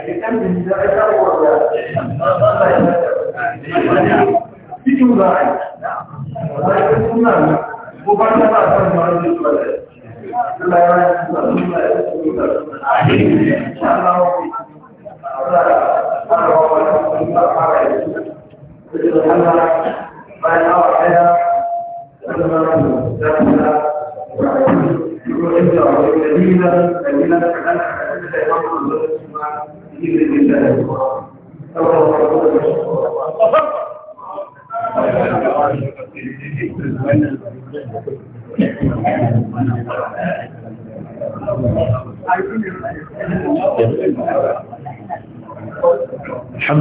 cikin ba a yi suna ne ko ba ta Thank you. الحمد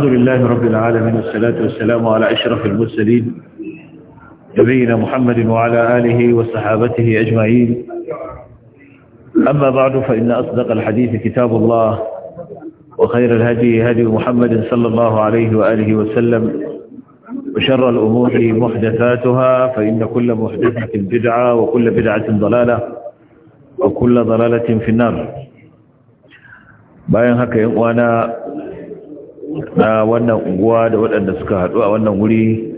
لله رب العالمين والصلاة والسلام على أشرف المرسلين نبينا محمد وعلى آله وصحابته أجمعين أما بعد فإن أصدق الحديث كتاب الله وخير الهدي هدي محمد صلى الله عليه وآله وسلم وشر الأمور محدثاتها فإن كل محدثة بدعة وكل بدعة ضلالة وكل ضلالة في النار bayan haka yan uwana na wannan unguwa da waɗanda suka haɗu a wannan wuri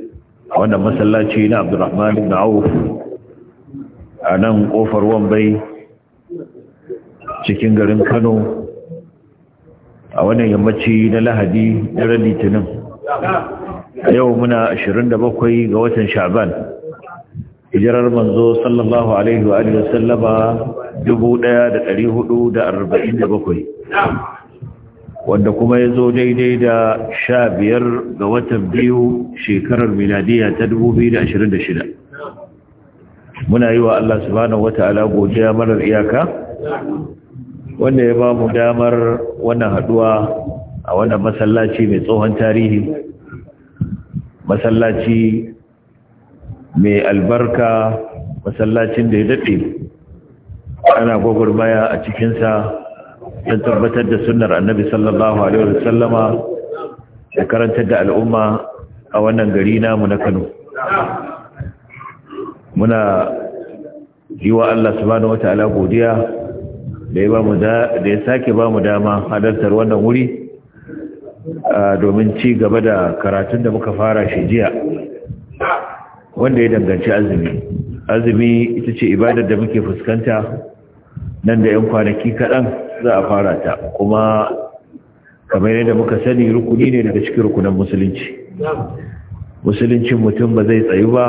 a wannan masallaci na Abdulrahman ibn Auf a nan kofar Wambai cikin garin Kano a wannan yammaci na lahadi na litinin a yau muna 27 ga watan sha'ban hijirar manzo sallallahu alaihi wa alihi wasallama 1447 wanda kuma ya zo daidai da 15 ga watan biyu shekarar miladiya ta 2026 muna yi wa Allah subhanahu wata'ala godiya marar iyaka wanda ya ba mu damar wannan haduwa a wannan masallaci mai tsohon tarihi masallaci mai albarka masallacin da ya daɗe ana gwagwarmaya a cikinsa don tabbatar da sunnar annabi sallallahu alaihi wasallama da karantar da al'umma a wannan gari namu na kano muna yi wa allah subhanahu wa ta'ala godiya da ya sake ba mu dama halartar wannan wuri domin ci gaba da karatun da muka fara shi jiya wanda ya danganci azumi azumi ita ce ibadar da muke fuskanta nan da 'yan kwanaki kaɗan za a fara ta kuma kamar yadda muka sani rukuni ne daga cikin rukunan musulunci Musulunci mutum ba zai tsayu ba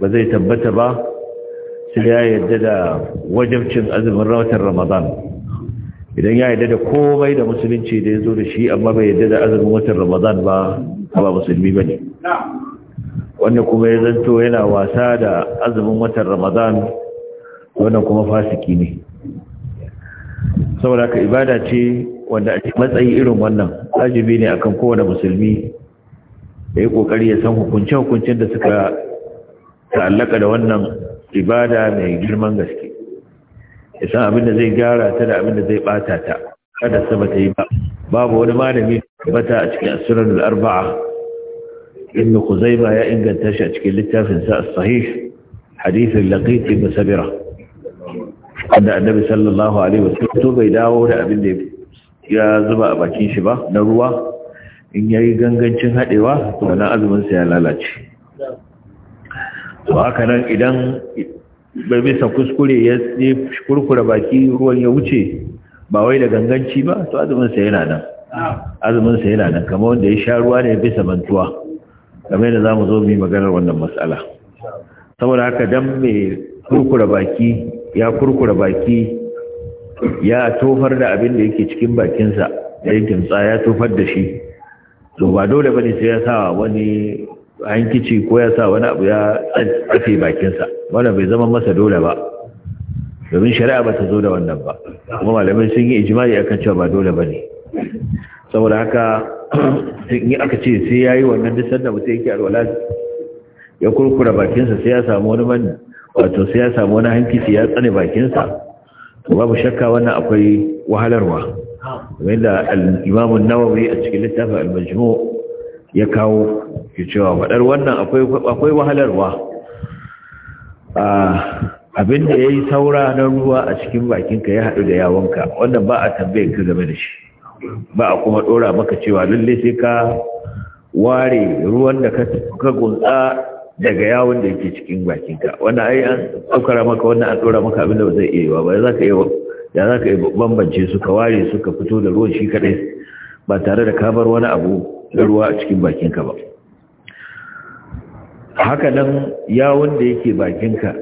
ba zai tabbata ba sai ya yarda da wajabcin azumin rawatar ramadan idan ya yarda da komai da musulunci da ya zo da shi amma bai yarda da azumin watan ramadan ba ba musulmi ba ne wannan kuma ya zanto yana wasa da azumin watan ramadan wannan kuma fasiki ne saboda ka ibada ce wanda a matsayi irin wannan ajibi ne akan kowane musulmi da ya kokari ya san hukunce-hukuncen da suka ta'allaka da wannan ibada mai girman gaske ya san abin da zai gyara ta da abin da zai bata ta kada sa bata yi ba babu wani malami bata a cikin sunan al-arba'a ibn khuzaima ya inganta shi a cikin littafin sa sahih hadith al-laqit sabira wanda annabi sallallahu alaihi wasallam to bai dawo da abin da ya zuba a bakin shi ba na ruwa in yayi gangancin hadewa to na azumin sa ya lalace to haka nan idan bai bisa kuskure ya kurkura baki ruwan ya wuce ba wai da ganganci ba to azuminsa yana nan azuminsa yana nan kamar wanda ya sha ruwa ne bisa mantuwa kamar yadda za mu zo mu yi maganar wannan matsala saboda haka dan mai kurkura baki ya kurkura baki ya tofar da abin da yake cikin bakinsa da yankin tsaya ya tofar da shi to ba dole ba ne sai ya sa wani hankici ko ya sa wani abu ya tsafe bakinsa wannan bai zama masa dole ba domin shari'a ba ta zo da wannan ba kuma malamai sun yi ijimai akan cewa ba dole ba ne saboda haka in aka ce sai ya yi wannan duk sanda mutu yake alwala ya kurkura bakinsa sai ya samu wani man wato sai ya samu wani hankici ya tsane bakinsa to babu shakka wannan akwai wahalarwa wanda da nawawi a cikin littafin al-Majmu' ya kawo ke cewa faɗar wannan akwai wahalarwa abin da ya yi saura na ruwa a cikin bakinka ya haɗu da yawonka wannan ba a tambayin ka game da shi ba a kuma ɗora maka cewa lalle sai ka ware ruwan da ka gunsa daga yawon da yake cikin bakinka wannan ai an ɗaukara maka wannan an ɗora maka abin da ba zai iya yiwa ba ya za ka yi bambance su ka ware su ka fito da ruwan shi kaɗai ba tare da ka bar wani abu na ruwa a cikin bakinka ba haka nan ya wanda yake bakinka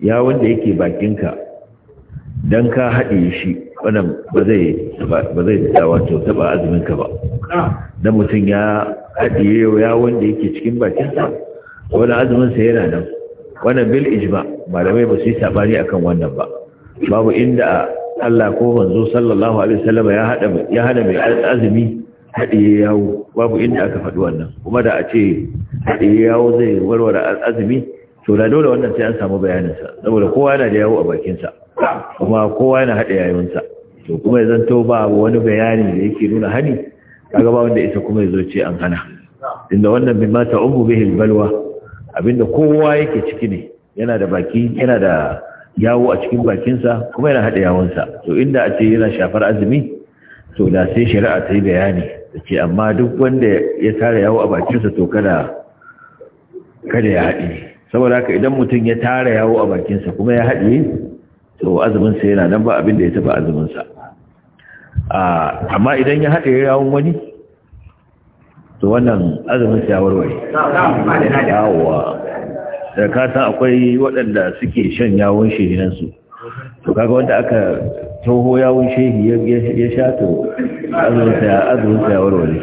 ya wanda yake bakinka don ka haɗe shi wannan ba zai da wato taɓa azuminka ba dan mutum ya haɗe ya wanda yake cikin bakinsa wani azuminsa yana nan wannan bil ijma malamai ba su yi sabani akan wannan ba babu inda Allah ko manzo sallallahu alaihi wasallam ya hada ya hada mai azumi haɗiye yawo babu inda aka faɗi wannan kuma da a ce haɗiye yawo zai warware azumi to da dole wannan sai an samu bayaninsa saboda kowa yana da yawo a bakinsa kuma kowa yana haɗa yayinsa to kuma ya zanto ba wani bayani da yake nuna hani kaga ba wanda isa kuma ya zo ce an hana inda wannan bin mata umu bihi balwa abinda kowa yake ciki ne yana da baki yana da yawo a cikin bakinsa kuma yana haɗa yawonsa to inda a ce yana shafar azumi to da sai shari'a ta yi bayani ce amma duk wanda ya tara yawo a bakinsa to kada kada ya haɗe saboda haka idan mutum ya tara yawo a bakinsa kuma ya haɗe to azuminsa yana nan ba abin da ya taɓa azuminsa amma idan ya haɗe yawon wani to wannan azumin ya warware yawa da kasan akwai waɗanda suke shan yawon shehinansu to kaga wanda aka toho yawun shehi ya shato, to azuminsa ya warware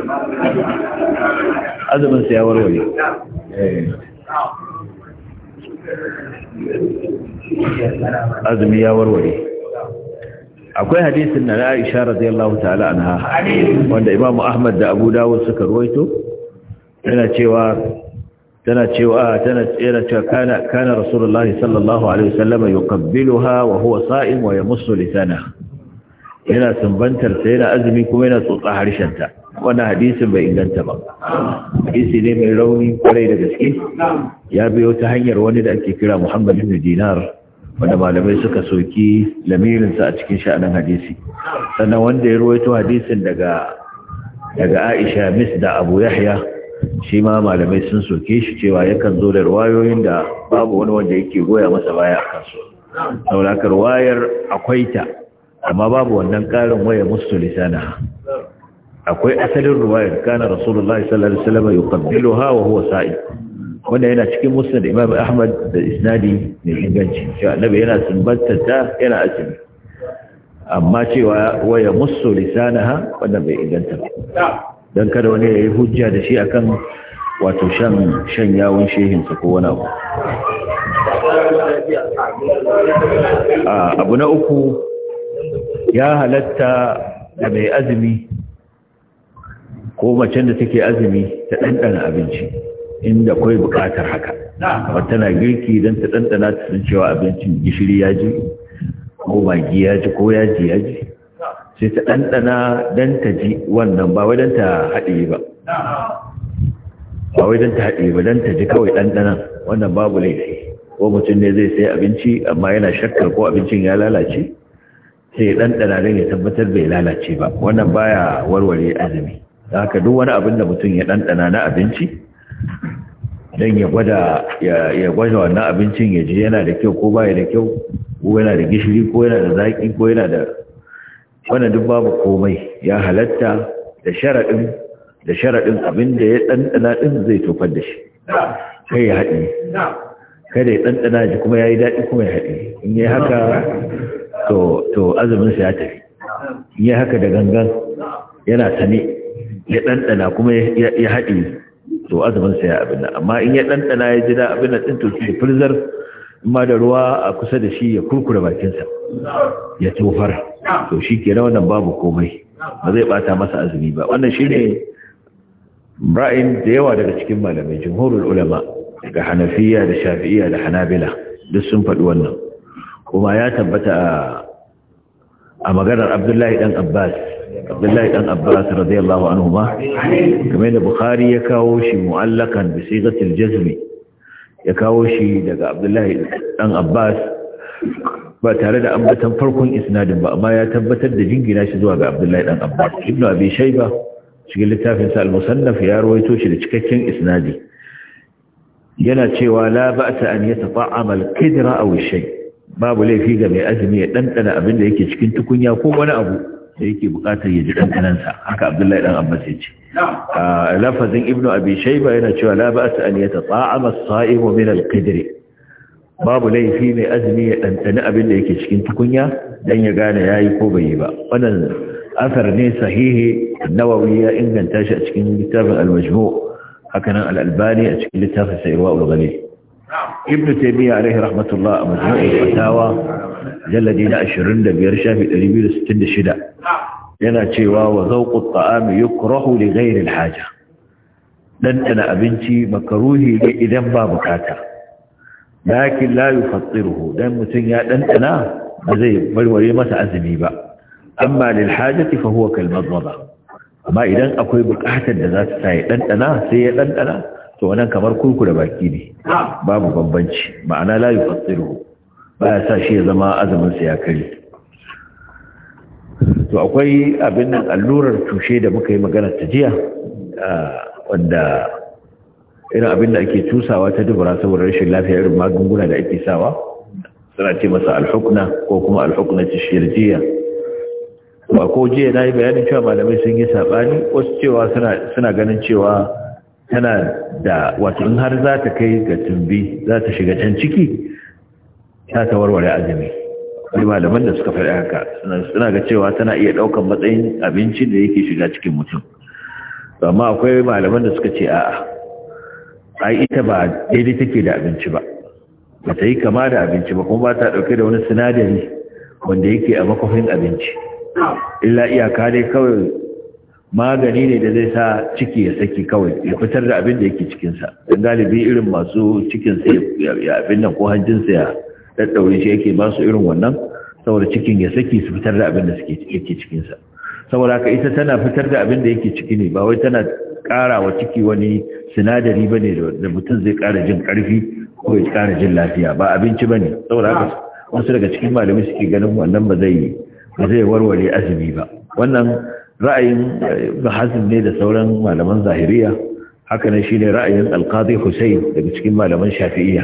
azuminsa ya warware eh. azumi ya warware akwai hadisin na Aisha radiyallahu ta'ala anha wanda Imamu Ahmad da Abu Dawud suka ruwaito yana cewa tana cewa ah, tana tsira cewa kana kana rasulullahi sallallahu alaihi wasallam yuqabbiluha wa huwa sa'im wa yamussu lisana yana sumbantar sai yana azumi kuma yana tsotsa harshen ta wannan hadisin bai inganta ba hadisi ne mai rauni kwarai da gaske ya biyo ta hanyar wani da ake kira Muhammad ibn Dinar wanda malamai suka soki lamirinsa a cikin sha'anin hadisi sannan wanda ya ruwaito hadisin daga daga Aisha da Abu Yahya shi ma malamai sun soke shi cewa yakan zo da ruwayoyin da babu wani wanda yake goya masa baya a kansu sauraka ruwayar akwai ta amma babu wannan ƙarin waya musu lisana akwai asalin ruwayar kana rasulullah sallallahu alaihi wasallam ha wa huwa sa'i wanda yana cikin musnad imam ahmad da isnadi ne inganci cewa annabi yana sunbatta ta yana azumi amma cewa waya musu ha wannan bai inganta ba don kada wani ya yi hujja da shi akan wato shan shan yawon shehinsa ko wani abu abu na uku ya halatta da mai azumi ko macen da take azumi ta ɗanɗana abinci inda akwai buƙatar haka wata na girki don ta ɗanɗana ta sun cewa abincin gishiri ya ji ko magi ya ji ko yaji ya ji sai ta ɗanɗana don ta ji wannan ba wai don ta haɗe ba ba wai don ta haɗe ba don ta ji kawai ɗanɗanan wannan babu laifi ko mutum ne zai sai abinci amma yana shakkar ko abincin ya lalace sai ya ɗanɗana don ya tabbatar bai lalace ba wannan baya warware azumi Da haka duk wani abin da mutum ya ɗanɗana na abinci don ya gwada ya gwada wannan abincin ya ji yana da kyau ko baya da kyau ko yana da gishiri ko yana da zaƙi ko yana da wannan duk babu komai ya halatta da sharaɗin da sharaɗin abin da ya ɗanɗana ɗin zai tofar da shi kai ya haɗi kada ya ɗanɗana shi kuma ya yi daɗi kuma ya haɗi in yi haka to azuminsa ya tafi in yi haka da gangan yana ta sane ya ɗanɗana kuma ya haɗi to azuminsa ya abin amma in ya ɗanɗana ya ji da abin ɗin to shi firzar ma da ruwa a kusa da shi ya kurkura bakinsa ya tofar to shi ke wannan babu komai ba zai bata masa azumi ba wannan shi ne ra'ayin da yawa daga cikin malamai jimhurul ulama daga hanafiya da shafi'iya da hanabila duk sun faɗi wannan kuma ya tabbata a maganar abdullahi Ɗan abbas abdullahi Ɗan abbas radiyallahu anhu ma kamar da bukhari ya kawo shi mu'allakan bi sigatil jazmi ya kawo shi daga abdullahi dan abbas ba tare da ambatan farkon isnadin ba amma ya tabbatar da jingina shi zuwa ga abdullahi dan abbas ibnu abi shayba cikin littafin sa al-musannaf ya rawaito shi da cikakken isnadi yana cewa la ba'sa an yata'ama al aw shay babu laifi ga mai azumi ya dandana abin da yake cikin tukunya ko wani abu da yake bukatar ya ji ɗanɗanansa haka abdullahi dan abbas ya ce lafazin ibnu abi shaiba yana cewa la ba'sa an yatata'ama as-sa'imu min al-qidr babu laifi mai azumi ya ɗanɗani abin da yake cikin tukunya dan ya gane yayi ko bai yi ba wannan asar ne sahihi nawawi ya inganta shi a cikin littafin al-majmu' hakanan al-albani a cikin littafin sayyid wa'ul ghalib ibn taymiya alaihi rahmatullah a majmu'ul fatawa jalladi na 25 shafi 266 yana cewa wa zawqu at-ta'am yukrahu li ghayri al-haja dandana abinci makaruhi ne idan ba bukata lakin la yufattiruhu dan mutun ya dandana ba zai barware masa azumi ba amma lil hajati fa huwa kal madmada amma idan akwai bukatar da za ta sai dandana sai ya dandana to wannan kamar da baki ne babu bambanci ma'ana la yufassiru ya sa shi ya zama azumin sa ya kare to akwai abin nan allurar tushe da muka yi magana ta jiya wanda irin abin da ake tusawa ta dubura saboda rashin lafiya irin magunguna da ake sawa suna ce masa alhukna ko kuma alhukna ta jiya. ba ko jiya na yi bayanin cewa malamai sun yi saɓani wasu cewa suna ganin cewa tana da wato in har za ta kai ga tumbi za ta shiga can ciki ta ta warware azumi wani malaman da suka faɗi haka suna ga cewa tana iya ɗaukan matsayin abincin da yake shiga cikin mutum amma akwai malaman da suka ce a'a ai ita ba daidai take da abinci ba ba ta yi kama da abinci ba kuma ba ta ɗauke da wani sinadari wanda yake a makwafin abinci illa iyaka dai kawai magani ne da zai sa ciki ya saki kawai ya fitar da abin da yake cikinsa don galibi irin masu cikinsa ya abin nan ko hanjinsa ya daddaure shi yake ba irin wannan saboda cikin ya saki su fitar da abin da yake cikinsa saboda haka ita tana fitar da abin da yake ciki ne ba wai tana ƙara wa ciki wani sinadari ba ne da mutum zai ƙara jin ƙarfi ko ya ƙara jin lafiya ba abinci ba ne saboda haka wasu daga cikin malamai suke ganin wannan ba zai warware azumi ba wannan ra'ayin eh, hazin ne da sauran malaman zahiriya haka nan shine ra'ayin alkazi Hussein daga cikin malaman shafi'iya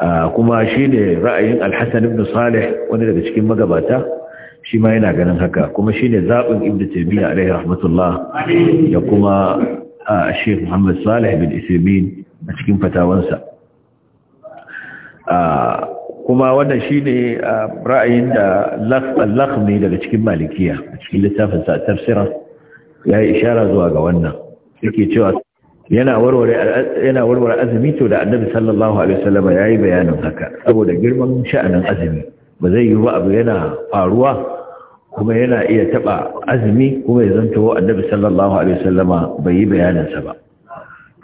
ah, kuma shine ra'ayin al-Hasan ibn Salih wani daga cikin magabata shi ma yana ganin haka kuma shine zaɓin Ibn Taymiyyah alaihi rahmatullah da kuma ah, Sheikh Muhammad Salih bin Uthaymeen a cikin fatawansa ah, kuma wannan ne ra'ayin da ne daga cikin malikiya a cikin littafin sa tafsira ya yi ishara zuwa ga wannan yake cewa yana warware azumi to da annabi sallallahu alaihi wasallam yayi bayanin haka saboda girman sha'anin azumi ba zai yi ba abu yana faruwa kuma yana iya taba azumi kuma ya zanto annabi sallallahu alaihi bai yi bayanin sa ba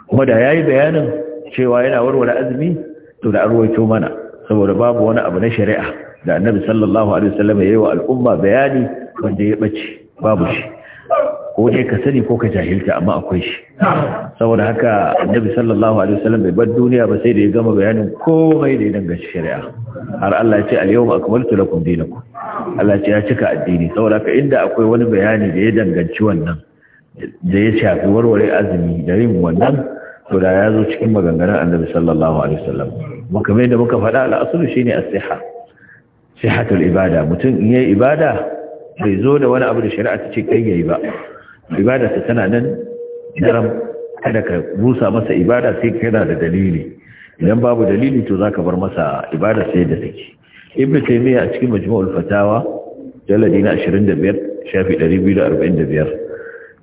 kuma da yayi bayanin cewa yana warware azumi to da arwaito mana saboda babu wani abu na shari'a da annabi sallallahu alaihi wasallam yayi wa al'umma bayani wanda ya bace babu shi ko dai ka sani ko ka jahilta amma akwai shi saboda haka annabi sallallahu alaihi wasallam bai bar duniya ba sai da ya gama bayanin komai da ya danganci shari'a har Allah ya ce al-yawma akmaltu lakum dinakum Allah ya cika addini saboda haka inda akwai wani bayani da ya danganci wannan da ya shafi warware azumi da yin wannan to da ya zo cikin maganganun annabi sallallahu alaihi wasallam muka mai da muka faɗa al'asulu shine as-siha sihatul ibada mutum in yayi ibada bai zo da wani abu da shari'a ta ce kai yayi ba ibada ta tana nan daram kada ka busa masa ibada sai kana da dalili idan babu dalili to zaka bar masa ibada sai da take ibnu taymiya a cikin majmu'ul fatawa jaladi na 25 shafi 245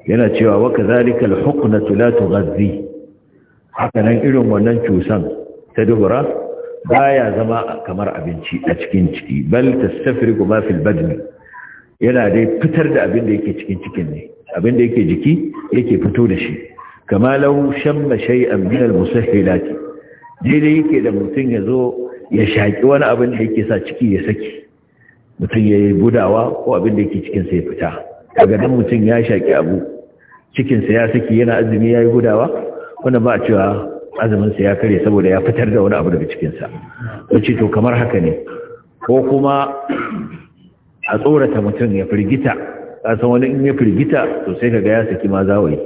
yana cewa wa kadhalika al-huqnatu la tughazzi haka nan irin wannan cusan ta dubura ya zama kamar abinci a cikin ciki bal ta tasafriqu kuma fil badini yana dai fitar da abin da yake cikin cikin ne abin da yake jiki yake fito da shi kama lau shamma shay'an min al musahhilat dai yake da mutum ya zo ya shaki wani abin da yake sa ciki ya saki Mutum ya yi gudawa ko abin da yake cikin ya fita daga nan mutum ya shaki abu cikinsa ya saki yana azumi ya yi gudawa wanda ba cewa azuminsa ya kare saboda ya fitar da wani abu daga cikinsa wuce to kamar haka ne ko kuma a tsorata mutum ya firgita kasan wani in ya firgita to sai ka ga ya saki ma zawai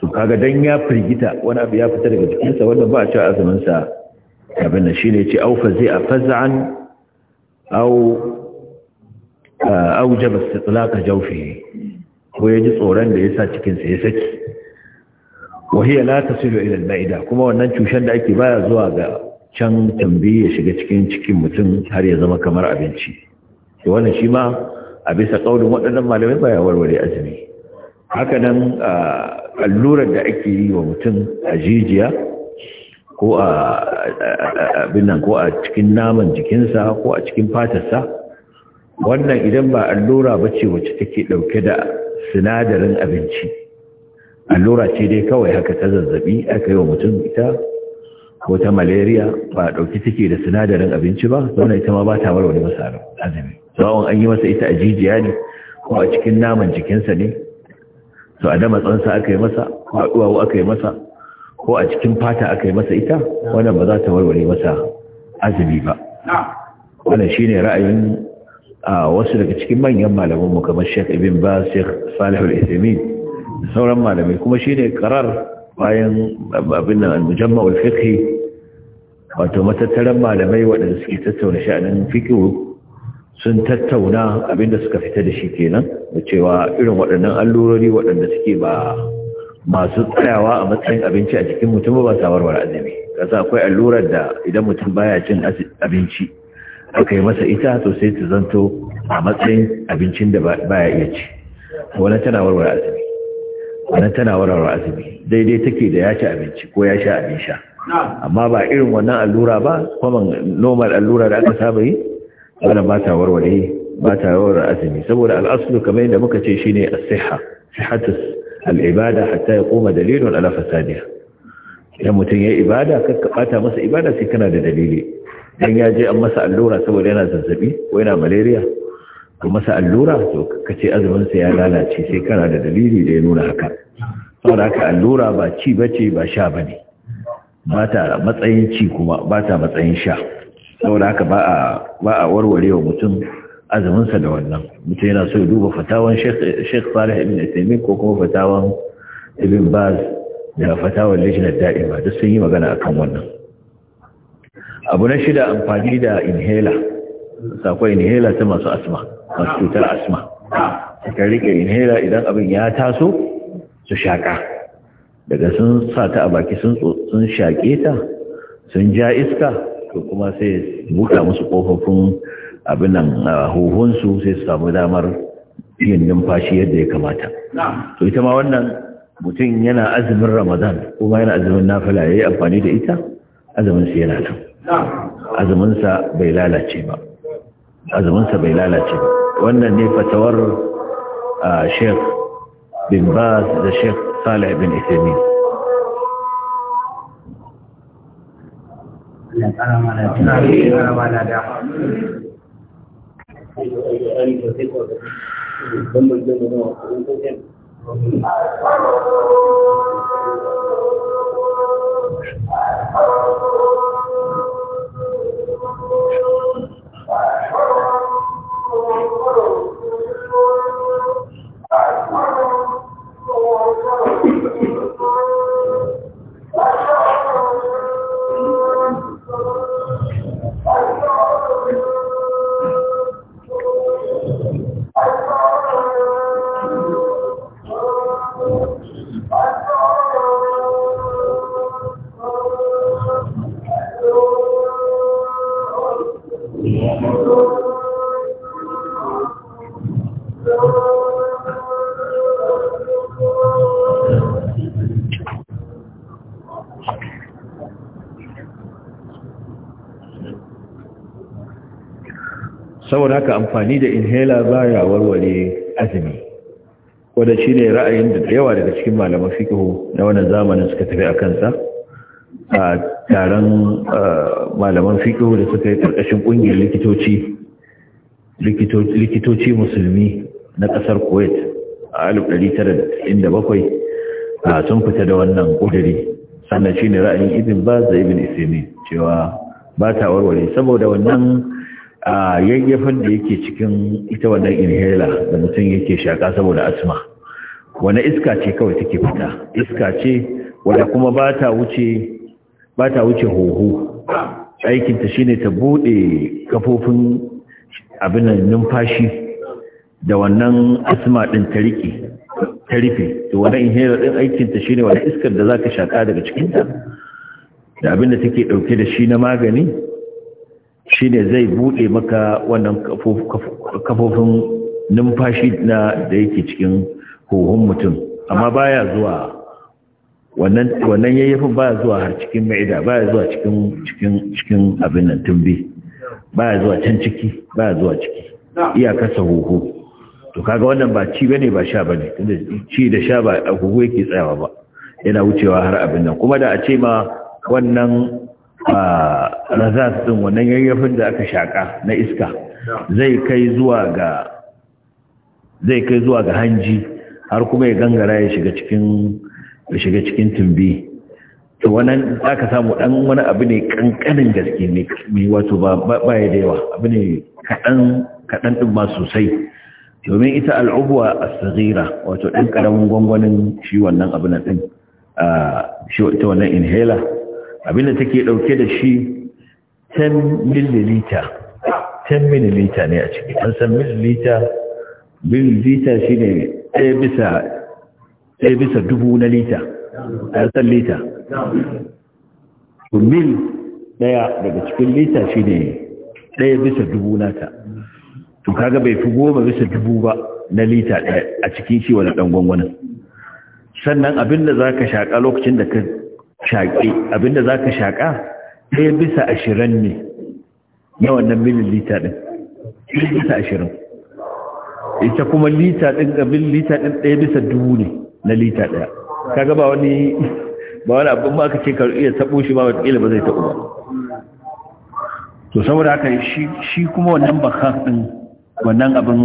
to kaga dan ya firgita wani abu ya fitar daga jikinsa wanda ba cewa azuminsa abin da shine ce au fazi a faz'an au au jaba istitlaq jawfi ko ya ji tsoron da ya sa cikinsa ya saki wahiya la tasilu idan na maida kuma wannan cushen da ake baya zuwa ga can tambayi ya shiga cikin cikin mutum har ya zama kamar abinci to wannan shi ma a bisa kaulin waɗannan malamai baya warware azumi haka nan allurar da ake yi wa mutum a jijiya ko a abin nan ko a cikin naman jikinsa ko a cikin fatarsa wannan idan ba allura ba ce wacce take ɗauke da sinadarin abinci allura ce dai kawai haka ta zazzabi aka yi wa mutum ita ko ta malaria ba ɗauki take da sinadarin abinci ba zaune ita ma ba ta warware masa azumi sawon an yi masa ita a jijiya ne ko a cikin naman jikinsa ne to a dama tsansa aka yi masa ko a duwawu aka yi masa ko a cikin fata aka yi masa ita wannan ba za ta warware masa azumi ba wannan shine ra'ayin a wasu daga cikin manyan malamanmu mu kamar Sheikh Ibn Baz Sheikh Salih Al-Uthaymeen sauran malamai kuma shi ne karar bayan abin nan mujamma ulfiqhi wato matattaran malamai waɗanda suke tattauna sha'anin fikihu sun tattauna abinda suka fita da shi kenan da cewa irin waɗannan allurori waɗanda suke ba masu tsayawa a matsayin abinci a cikin mutum ba sa warware azumi kasa akwai allurar da idan mutum baya cin abinci aka yi masa ita to sai ta zanto a matsayin abincin da baya iya ci wani tana warware azumi wannan tana warware azumi daidai take da ya ci abinci ko ya sha abin sha amma ba irin wannan allura ba kuma normal allura da aka saba yi wannan ba ta warware ba ta warware azumi saboda al'asulu kamar yadda muka ce shine as-sihha sihhatus al-ibada hatta yaquma dalilun ala fasadiha idan mutum ya ibada ka bata masa ibada sai kana da dalili dan ya je an masa allura saboda yana zazzabi ko yana malaria masa allura to ka ce azuminsa ya lalace sai kana da dalili da ya nuna haka saboda haka allura ba ci bace ba sha bane ba ta matsayin ci kuma ba ta matsayin sha saboda haka ba a ba a warware wa mutum azuminsa da wannan mutum yana so ya duba fatawan Sheikh Salih Ibn Uthaymeen ko kuma fatawan Ibn Baz da fatawan daɗi Da'ima duk sun yi magana akan wannan abu na shida amfani da inhaler sakon inhaler ta masu asma masu cutar asma kan rike inhaler idan abin ya taso su shaƙa daga sun sa ta a baki sun shaƙe ta sun ja iska to kuma sai buka musu ƙofofin abinan huhunsu sai su samu damar yin numfashi yadda ya kamata to ita ma wannan mutum yana azumin ramadan kuma yana azumin nafila ya yi amfani da ita azumin yana azuminsa bai lalace ba azuminsa bai lalace ba wannan ne fatawar sheikh bin baz da sheikh salih bin isamin Thank you. zaka haka amfani da inhaler baya warware azumi wanda ne ra'ayin da yawa daga cikin malaman fiqh na wannan zamanin suka tafi a kansa a taron malaman fiqh da suka yi karkashin kungiyar likitoci likitoci musulmi na kasar Kuwait a 1997 a sun fita da wannan kudiri sannan shine ra'ayin ibn Baz da ibn Ismi cewa ba ta warware saboda wannan a yayyafin da yake cikin ita wannan inhaler da mutum yake shaka saboda asma wani iska ce kawai take fita iska ce wadda kuma ba ta wuce ba ta wuce hoho aikinta shine ta bude kafofin abin numfashi da wannan asma din ta rike ta rufe to wannan inhaler din aikinta shine wannan iskar da zaka shaka daga cikinta da abin da take dauke da shi na magani shi ne zai buɗe maka wannan kafofin numfashi na da yake cikin huhun mutum amma baya zuwa wannan yayyafin baya zuwa har cikin ma'ida baya zuwa cikin abin nan tumbi baya zuwa can ciki baya zuwa ciki kasa huhu to kaga wannan ba ci bane ba sha bane tunda ci da sha ba huhu yake tsayawa ba yana wucewa har abin nan kuma da a ce ma wannan razas din wannan yayyafin da aka shaka na iska zai kai zuwa ga zai kai zuwa ga hanji har kuma ya gangara ya shiga cikin ya shiga cikin tumbi to wannan aka samu dan wani abu ne kankanin gaske ne mai wato ba ba ya da yawa abu ne kadan kadan din ba sosai domin ita al'ubwa as-saghira wato dan karamin gwangwanin shi wannan abu na din a shi wannan inhaler abinda take dauke da shi 10 milliliter 10 milliliter ne a ciki an san milliliter milliliter shi ne bisa ɗaya bisa dubu na lita a san lita mil ɗaya daga cikin lita shi ne ɗaya bisa dubu nata to kaga bai fi goma bisa dubu ba na lita ɗaya a cikin shi wani ɗan gwangwanin sannan abinda za ka shaƙa lokacin da ka shaƙe abinda za ka shaƙa ɗaya bisa ashirin ne na wannan mililita ɗin ɗaya bisa ashirin ita kuma lita ɗin abin lita ɗin ɗaya bisa dubu ne na lita ɗaya ka gaba wani ba wani abin ba ka ce ka iya taɓo shi ba wataƙila ba zai taɓo ba to saboda haka shi kuma wannan bakan ɗin wannan abin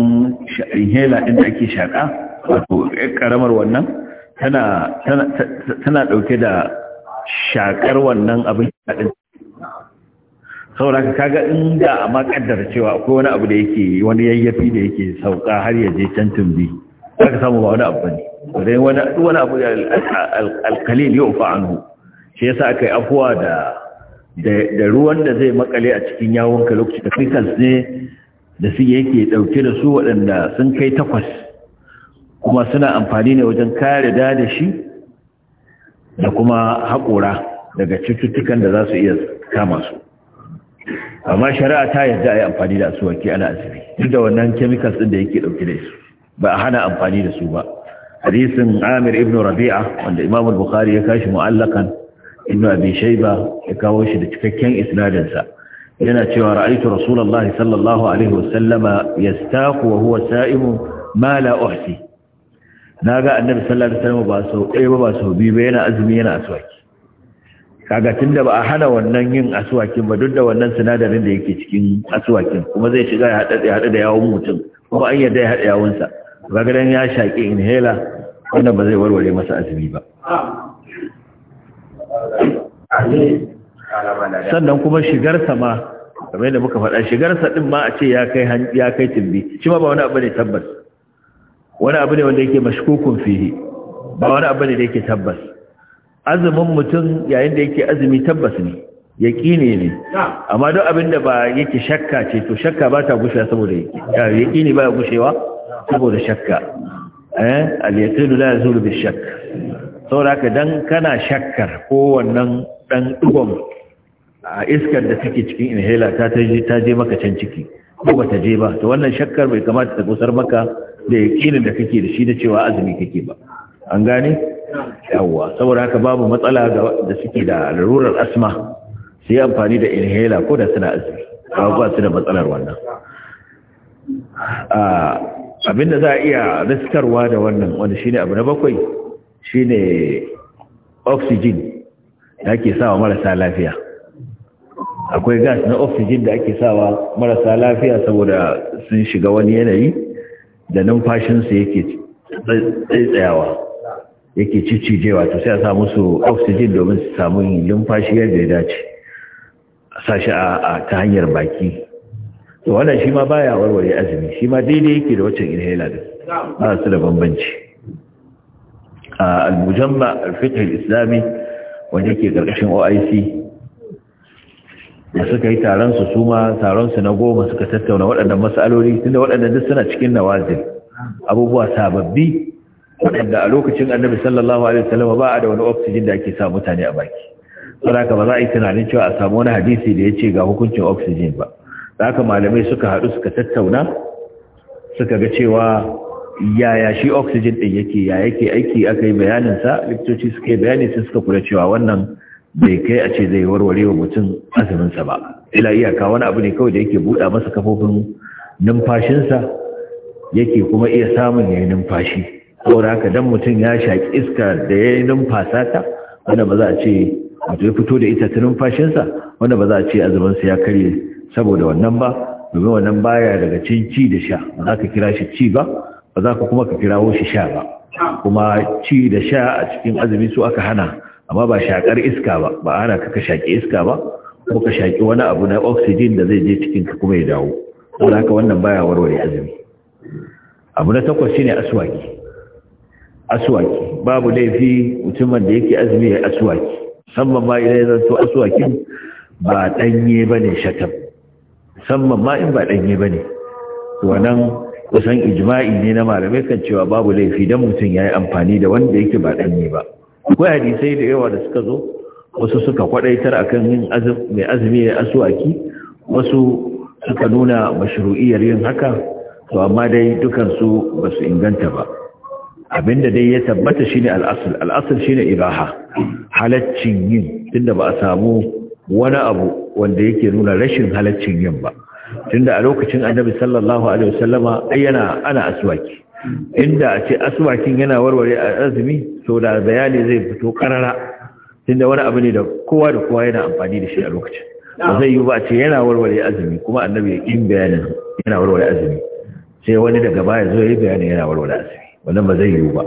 inhaler ɗin da ake shaƙa wato ƙaramar wannan tana ɗauke da shakar wannan abin din saboda kaga inda a makaddar cewa akwai wani abu da yake wani yayyafi da yake sauka har ya je can tumbi ka samu ba wani abu ba ne, wani wani abu alqalil yufa anhu shi yasa yi afuwa da ruwan da zai makale a cikin yawon ka lokaci da fikas ne da su yake ɗauke da su waɗanda sun kai takwas kuma suna amfani ne wajen kare da da shi da kuma haƙora daga cututtukan da za su iya kama su amma shari'a ta yarda a yi amfani da asuwaki ana asibi duk da wannan chemicals ɗin da yake ɗauki da su ba a hana amfani da su ba hadisin amir ibn rabi'a wanda imamul bukhari ya kashi mu'allakan ibn abi shayba ya kawo shi da cikakken isnadinsa yana cewa ra'aytu rasulullahi sallallahu alaihi wasallama yastaqu wa huwa sa'imun ma la uhsi na ga annabi sallallahu alaihi wasallam ba sau ɗaya ba ba sau biyu ba yana azumi yana aswaki kaga tunda ba a hana wannan yin aswakin ba duk da wannan sinadarin da yake cikin aswakin kuma zai shiga ya hada da yawon mutum kuma an yarda ya hada yawon sa kaga dan ya shaƙi inhaler wannan ba zai warware masa azumi ba sannan kuma shigar sa ma kamar yadda muka faɗa Shigar sa din ma a ce ya kai ya kai timbi shi ma ba wani abu ne tabbas wani abu ne wanda yake mashkukun fihi ba wani abu ne da yake tabbas azumin mutum yayin da yake azumi tabbas ne yaqini ne amma duk abin da ba yake shakka ce to shakka ba ta gushe saboda yaqini ba ya gushewa saboda shakka eh al-yaqinu la yazulu bi-shakk saboda haka dan kana shakkar ko wannan dan dugon a iskar da take cikin inhaler ta ta je maka can ciki ko ba ta je ba to wannan shakkar bai kamata ta gusar maka da yakinin da kake da shi da cewa azumi kake ba an gane yawa saboda haka babu matsala da suke da larurar asma su yi amfani da inhaler ko da suna azumi babu su da matsalar wannan ah, abinda za a iya riskarwa da wannan wanda shine abu na bakwai shine oxygen da ake sawa marasa lafiya akwai gas na oxygen da ake sawa marasa lafiya saboda sun shiga wani yanayi da numfashinsu yake tsayawa yake cicijewa to sai a sa musu oxygen domin su samu numfashi yadda ya dace a sashi a ta hanyar baki to wannan shi ma baya warware azumi shi ma daidai yake da waccan inhaler din ba su da bambanci al-mujamma al-fiqh al-islami wanda yake karkashin OIC da suka yi taron su suma taron su na goma suka tattauna waɗannan matsaloli tunda waɗannan duk suna cikin nawazil abubuwa sababbi waɗanda a lokacin annabi sallallahu alaihi wasallam ba a da wani oxygen da ake sa mutane a baki saboda ba za a yi tunanin cewa a samu wani hadisi da ya ce ga hukuncin oxygen ba haka malamai suka haɗu suka tattauna suka ga cewa yaya shi oxygen ɗin yake ya yake aiki aka yi bayaninsa likitoci suka yi bayani sai suka kula cewa wannan bai kai a ce zai warware wa mutum azuminsa ba ila iyaka wani abu ne kawai da yake buɗa masa kafofin numfashinsa yake kuma iya samun ya yi numfashi saboda haka dan mutum ya shaƙi iska da ya yi numfasa ta wanda ba za a ce wato ya fito da ita ta numfashinsa wanda ba za a ce azuminsa ya karye saboda wannan ba domin wannan baya daga cin ci da sha ba za ka kira shi ci ba ba za ka kuma ka kirawo shi sha ba kuma ci da sha a cikin azumi su aka hana amma ba shakar iska ba ba ana kaka shaki iska ba ko ka shaki wani abu na oxygen da zai je cikin ka kuma ya dawo don haka wannan baya warware azumi abu na takwas shine aswaki aswaki babu laifi mutumin da yake azumi ya aswaki musamman ma idan ya zanto aswakin ba danye bane shatam musamman ma in ba danye bane nan kusan ijma'i ne na malamai kan cewa babu laifi dan mutum yayi amfani da wanda yake ba danye ba akwai hadisai da yawa da suka zo wasu suka kwadaitar akan yin mai azumi da asuwaki wasu suka nuna mashru'iyar yin haka to amma dai dukansu ba su inganta ba abinda dai ya tabbata shine al'asul shi shine ibaha halaccin yin tunda ba a samu wani abu wanda yake nuna rashin halaccin yin ba tunda a lokacin annabi sallallahu alaihi wasallama ayyana yana ana aswaki inda a ce asuwakin yana warware a azumi so da bayani zai fito karara tunda wani abu ne da kowa da kowa yana amfani da shi a lokacin ba zai yi ba ce yana warware azumi kuma annabi ya kin bayanin yana warware azumi sai wani daga baya zo ya yi bayani yana warware azumi wannan ba zai yi ba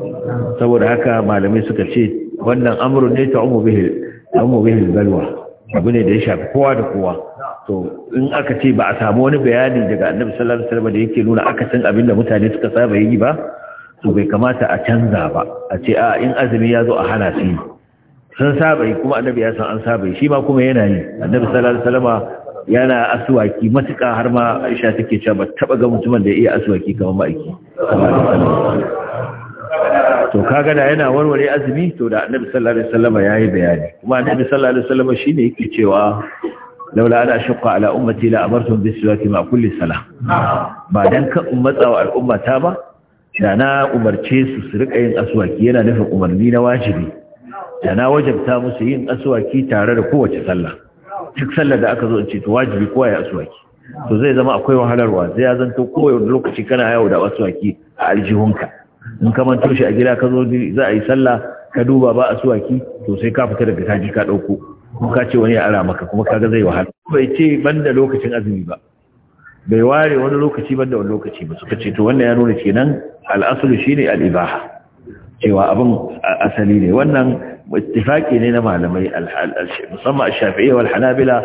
saboda haka malamai suka ce wannan amrun ne ta umu bihi umu bihi balwa abu ne da ya shafi kowa da kowa to in aka ce ba a samu wani bayani daga annabi sallallahu alaihi wasallam da yake nuna akasin abin da mutane suka saba yi ba to bai kamata a canza ba a ce a in azumi ya zo a hana su yi sun saba yi kuma annabi ya san an saba yi shi ma kuma yana yi annabi sallallahu alaihi wasallam yana asuwaki matuka har ma Aisha take cewa ba taba ga mutumin da ya iya aswaki kamar aiki sallallahu alaihi wasallam to kaga da yana warware azumi to da annabi sallallahu alaihi wasallam yayi bayani kuma annabi sallallahu alaihi wasallam shine yake cewa laula ana shaqqa ala ummati la amartum bis salati ma kulli salah ba dan ka ummata wa al'ummata ba da na umarce su su rika yin aswaki yana nufin umarni na wajibi da na wajabta musu yin aswaki tare da kowace sallah duk sallar da aka zo in ce to wajibi kowa ya aswaki to zai zama akwai wahalarwa zai ya zanto kowane lokaci kana yawo da aswaki a aljihunka in ka manto shi a gida ka zo za a yi sallah ka duba ba a suwaki to sai ka fita daga taji ka ɗauko kuma ka ce wani ya ara maka kuma kaga zai wahala bai ce banda lokacin azumi ba bai ware wani lokaci banda wani lokaci ba suka ce to wannan ya nuna kenan al'asulu shine al'ibaha cewa abin asali ne wannan ittifaki ne na malamai musamman shafi'i wal hanabila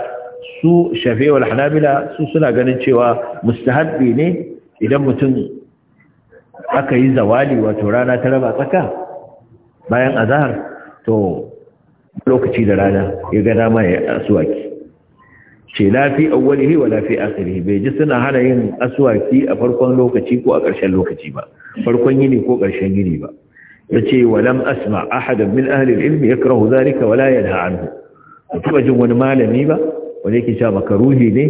su shafi'i wal hanabila su suna ganin cewa mustahabbi ne idan mutum aka yi zawali wato rana ta raba tsaka bayan azahar to lokaci da rana ya ga dama ya asuwaki ce lafi awwalihi wa lafi akhirihi bai ji suna hana yin asuwaki a farkon lokaci ko a ƙarshen lokaci ba farkon yini ko ƙarshen yini ba yace wa lam asma ahadan min ahli al-ilm yakrahu dhalika wa la yanha anhu kuma jin wani malami ba wani yake cewa makaruhi ne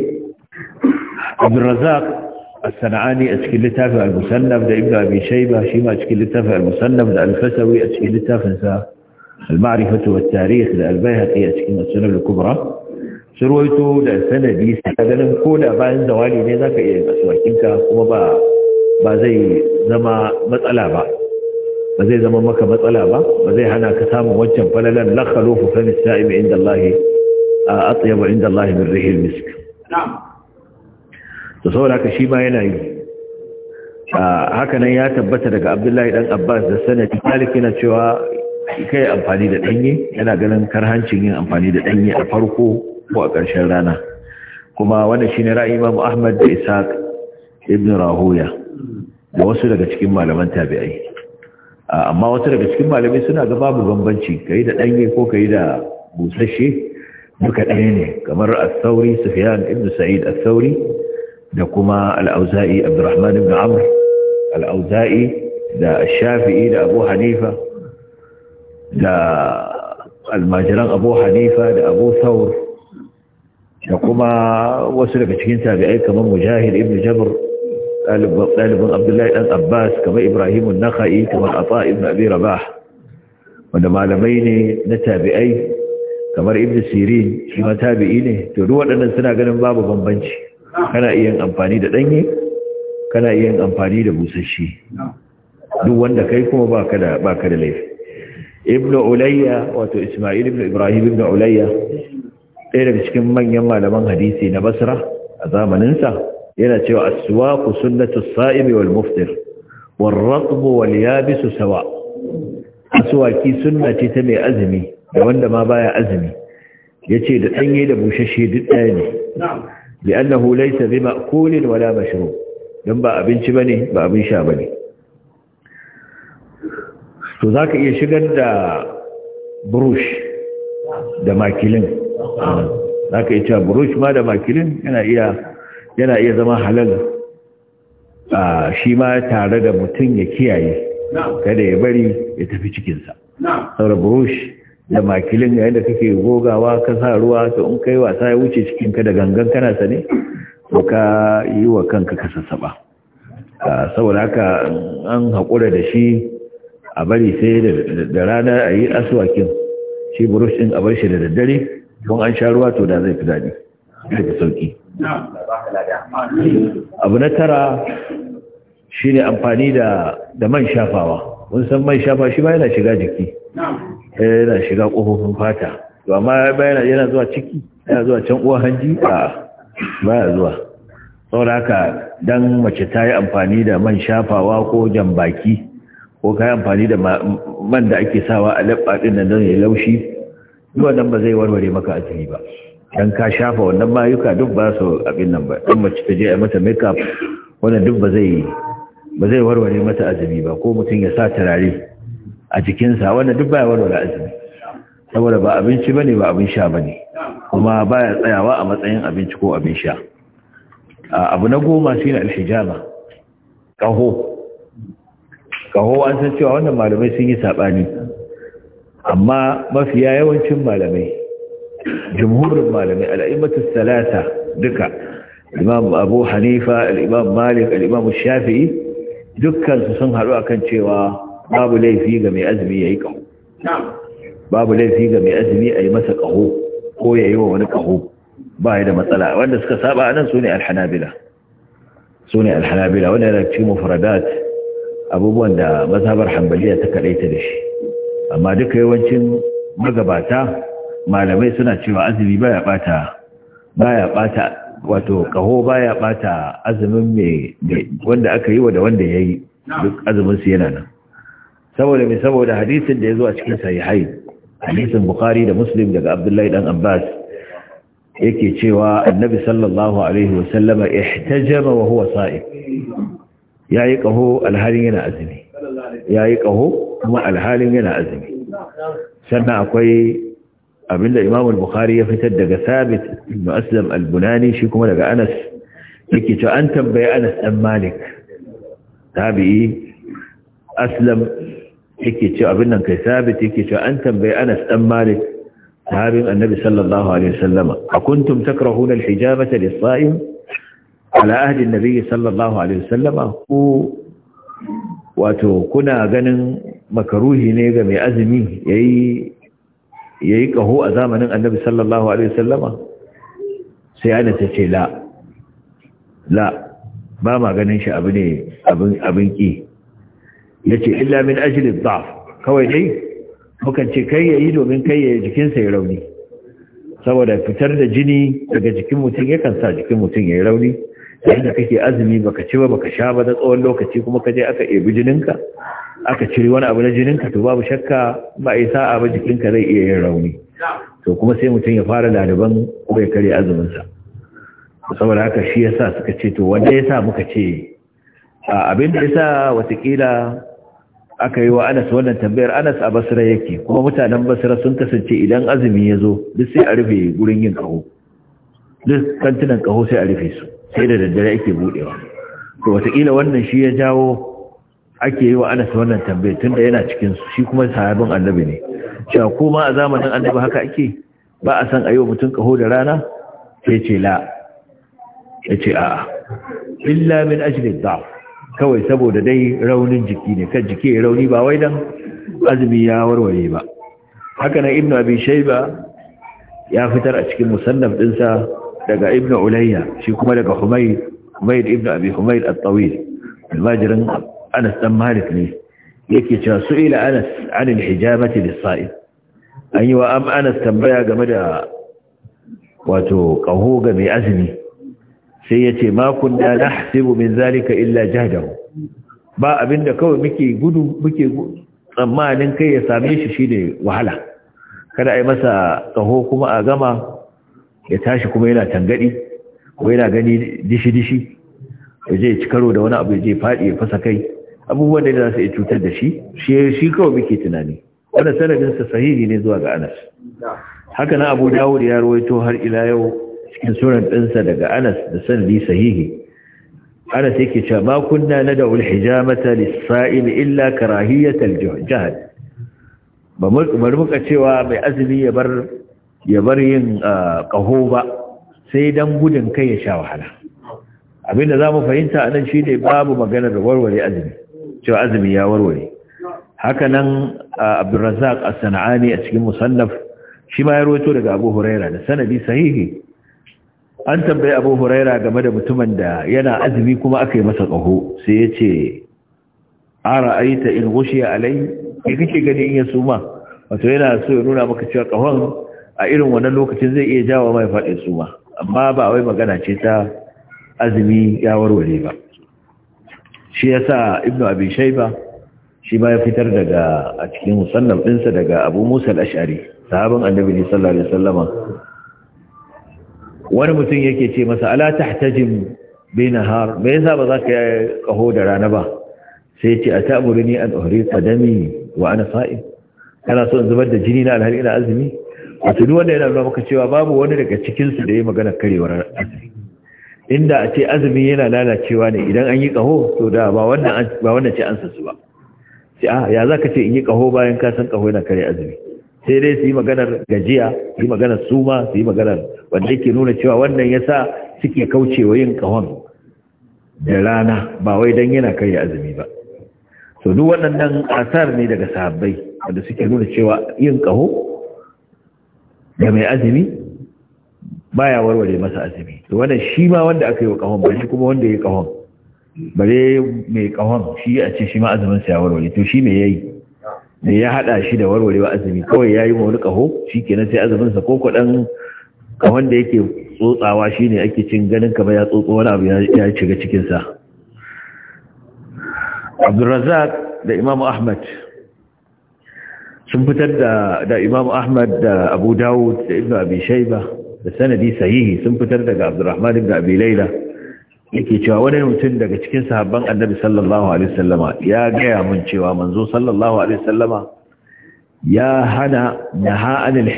Abdul Razzaq السنعاني أشكل لتافع المسنف ده ابن أبي شيبة شيما أشكل لتافع المسنف ده الفسوي أشكل لتافع المعرفة والتاريخ ده البيهقي أشكل السنة الكبرى شرويته ده السنة دي سنة كولا بعد زوالي نيزا كإيه مسواكينك كما با ba zai zama matsala ba ba zai zama maka matsala ba ba zai hana ka samun wancan falalan la khalufu fa nisa'imi inda Allah atyaba inda Allah min rihil misk na'am da saboda ka shi ma yana yi haka nan ya tabbata daga abdullahi dan abbas da sanadi malik yana cewa kai amfani da danye yana ganin karhancin yin amfani da danye a farko ko a ƙarshen rana kuma wannan shine ra'ayi imam ahmad da isaac ibn rahuya da wasu daga cikin malaman tabi'ai amma wasu daga cikin malamai suna ga babu bambanci kai da danye ko kai da busasshe duka ɗaya ne kamar al-sauri sufyan ibn sa'id al-sauri da kuma al'auza'i abdurrahman ibn amr al'auza'i da shafi'i da abu hanifa da almajiran abu hanifa da abu saur da kuma wasu daga cikin tabi'ai kamar mujahid ibn jabr ɗalibin abdullahi ɗan abbas kamar Ibrahim naka'i kamar afa ibn abi rabah wanda malamai ne na tabi'ai kamar ibn sirin shi ma tabi'i ne to duk waɗannan suna ganin babu bambanci kana iya yin amfani da danye kana iya yin amfani da busasshe duk wanda kai kuma ba da da laifi Ibn ulayya wato isma'il ibnu ibrahim ibn ulayya ɗaya daga cikin manyan malaman hadisi na basra a zamaninsa yana cewa ku sunnatu as-sa'imi wal muftir wal ratbu wal yabisu sawa aswaki sunna ce ta mai azumi da wanda ma baya azumi yace da danye da bushashe duk ɗaya ne li'annahu laysa bi ma'kulin wala mashrub dan ba abinci bane ba abin sha bane to zaka iya shigar da brush da makilin zaka iya cewa brush ma da makilin yana iya yana iya zama halal shi ma tare da mutum ya kiyaye kada ya bari ya tafi cikinsa saura burush da makilin yayin da kake gogawa ka sa ruwa to in kai wasa ya wuce cikin ka da gangan kana sane to ka yi wa kanka ka sassaba saboda haka an haƙura da shi a bari sai da rana a yi aswakin shi burush ɗin a bar shi da daddare don an sha ruwa to da zai fi daɗi daga sauƙi abu na tara shi ne amfani da man shafawa mun san man shafa shi ba yana shiga jiki Eh, yana shiga ƙofofin fata to amma bayan yana zuwa ciki yana zuwa can uwa hanji a baya zuwa saboda haka dan mace ta yi amfani da man shafawa ko jambaki ko ka yi amfani da man da ake sawa a labba din nan don ya laushi duk wannan ba zai warware maka azumi ba dan ka shafa wannan mayuka duk ba su abin nan ba dan mace ta je a mata makeup wannan duk ba zai ba zai warware mata azumi ba ko mutum ya sa turare a jikinsa wanda duk baya wani azumi saboda ba abinci bane ba abin sha bane kuma baya tsayawa a matsayin abinci ko abin sha abu na goma shine alhijama kaho kaho an san cewa wannan malamai sun yi saɓani amma mafiya yawancin malamai jumhurin malamai al'immatus salata duka imam abu hanifa al'imam malik al'imam shafi'i dukkan su sun haɗu akan cewa babu laifi ga mai azumi yayi kaho babu laifi ga mai azumi ayi masa kaho ko yayi wa wani kaho ba ya da matsala wanda suka saba anan sune alhanabila sune alhanabila wanda yana cikin mufradat abubuwan da mazhabar hanbaliya ta kadaita da shi amma duka yawancin magabata malamai suna cewa azumi baya bata baya bata wato kaho baya bata azumin mai wanda aka yi wa da wanda yayi duk azumin su yana nan saboda mai saboda hadisin da ya zo a cikin sahihai hadisin bukhari da muslim daga abdullahi dan abbas yake cewa annabi sallallahu alaihi wasallama ihtajama wa huwa sa'im yayi kaho alhalin yana azumi yayi kuma alhalin yana azumi sannan akwai abinda imamu bukhari ya fitar daga sabit ibn aslam al-bunani shi kuma daga anas yake cewa an tambaye anas dan malik tabi'i aslam yake ce abin nan kai sabit yake ce an tambayi Anas dan Malik sahabin Annabi sallallahu alaihi wasallama akuntum takrahuna al ala sallallahu alaihi wasallama ku wato kuna ganin makaruhi ne ga mai azumi yayi yayi kaho a zamanin Annabi sallallahu alaihi wasallama sai ana ya ce la la ba ma ganin shi abu ne abin abin ki yace illa min ajli dhaf kawai dai mukan ce kai yayi domin kai yayi jikin sa ya rauni saboda fitar da jini daga jikin mutum yakan sa jikin mutum yayi rauni inda kake azumi baka ci ba baka sha ba da tsawon lokaci kuma kaje aka ebi jininka aka ciri wani abu na jininka to babu shakka ba a yi sa'a ba jikinka zai iya yin rauni to kuma sai mutum ya fara laliban ko ya karya azuminsa saboda haka shi yasa suka ce to wanda yasa muka ce abin da yasa watakila aka yi wa Anas wannan tambayar Anas a Basra yake kuma mutanen Basra sun kasance idan azumi ya zo duk sai a rufe gurin yin kaho duk kantinan kaho sai a rufe su sai da daddare ake budewa to wataƙila wannan shi ya jawo ake yi wa Anas wannan tambayar tunda yana cikin su shi kuma sahabin Annabi ne cewa kuma a zamanin Annabi haka ake ba a san yi wa mutum kaho da rana sai ce la ce a'a illa min ajli dha'f kawai saboda dai raunin jiki ne kan jiki ya rauni ba wai dan azumi ya warware ba haka na ibnu abi shayba ya fitar a cikin musannaf dinsa daga ibnu ulayya shi kuma daga humayd humayd ibnu abi humayd at-tawil almajirin anas dan malik ne yake cewa su'ila anas an al-hijabati lis-sa'id an yi wa am anas tambaya game da wato kaho ga mai azumi sai ya ce makon da na hasibu min zalika illa jahdahu ba abinda kawai muke gudu muke tsammanin kai ya same shi shine wahala kada a yi masa tsaho kuma a gama ya tashi kuma yana tangadi ko yana gani dishi-dishi ya je ci karo da wani abu ya je faɗi ya fasa kai abubuwan da za su iya cutar da shi shi kawai muke tunani wannan sanadin sa sahihi ne zuwa ga anas haka na abu dawud ya rawaito har ila yau suran ɗinsa daga anas da sanadi sahihi anas yake cewa ma kunna na al-hijamata lis illa karahiyatal jahad ba mu ka cewa mai azumi ya bar ya bar yin kaho ba sai dan gudun kai ya sha wahala abinda zamu fahimta anan shine babu maganar warware azumi cewa azumi ya warware haka nan Abdurrazzaq as-San'ani a cikin musannaf shi ma ya wato daga Abu Huraira da sanadi sahihi an tambayi abu huraira game da mutumin da yana azumi kuma aka yi masa ƙaho sai ya ce ara aita in a alai ya kake gani in ya suma wato yana so ya nuna maka cewa ƙahon a irin wannan lokacin zai iya jawo mai faɗi suma amma ba wai magana ce ta azumi ya warware ba shi ya sa ibnu abi ba? shi ba ya fitar daga a cikin musannaf ɗinsa daga abu musa al-ash'ari sahabin annabi sallallahu alaihi wasallama wani mutum yake ce masa ala tahtajim binahar me yasa ba za ka kaho da rana ba sai ce a ta'muruni an uhri qadami wa ana sa'im kana so in zubar da jini na alhali ina azumi a tuni wanda yana nuna maka cewa babu wani daga cikin su da ya magana karewar azumi inda a ce azumi yana lalacewa ne idan an yi kaho to da ba wannan ba wannan ce an sasu ba sai a ah, ya zaka ce in yi kaho bayan ka san kaho yana kare azumi sai dai su yi maganar gajiya su yi maganar suma su yi maganar wanda yake nuna cewa wannan ya sa suke kaucewa yin kahon da rana ba wai don yana kai da azumi ba so duk waɗannan asar ne daga sahabbai wanda suke nuna cewa yin kaho da mai azumi baya warware masa azumi to wannan shi ma wanda aka yi wa kahon ba shi kuma wanda ya yi kahon bare mai kahon shi a ce shi ma azumin sa ya warware to shi me yayi me ya hada shi da warwarewa azumi kawai ya yi wani kaho shi kenan sai azuminsa ko kwaɗan kahon da yake tsotsawa shi ne ake cin ganin kama ya tsotso wani abu ya shiga cikinsa abdulrazak da imamu ahmad sun fitar da imamu ahmad da abu dawud da ibn abishai ba da sanadi sahihi sun fitar daga abdurrahman da abu laila yake cewa wani mutum daga cikin sahabban annabi sallallahu alaihi ya gaya mun cewa manzo sallallahu alaihi ya hana naha anil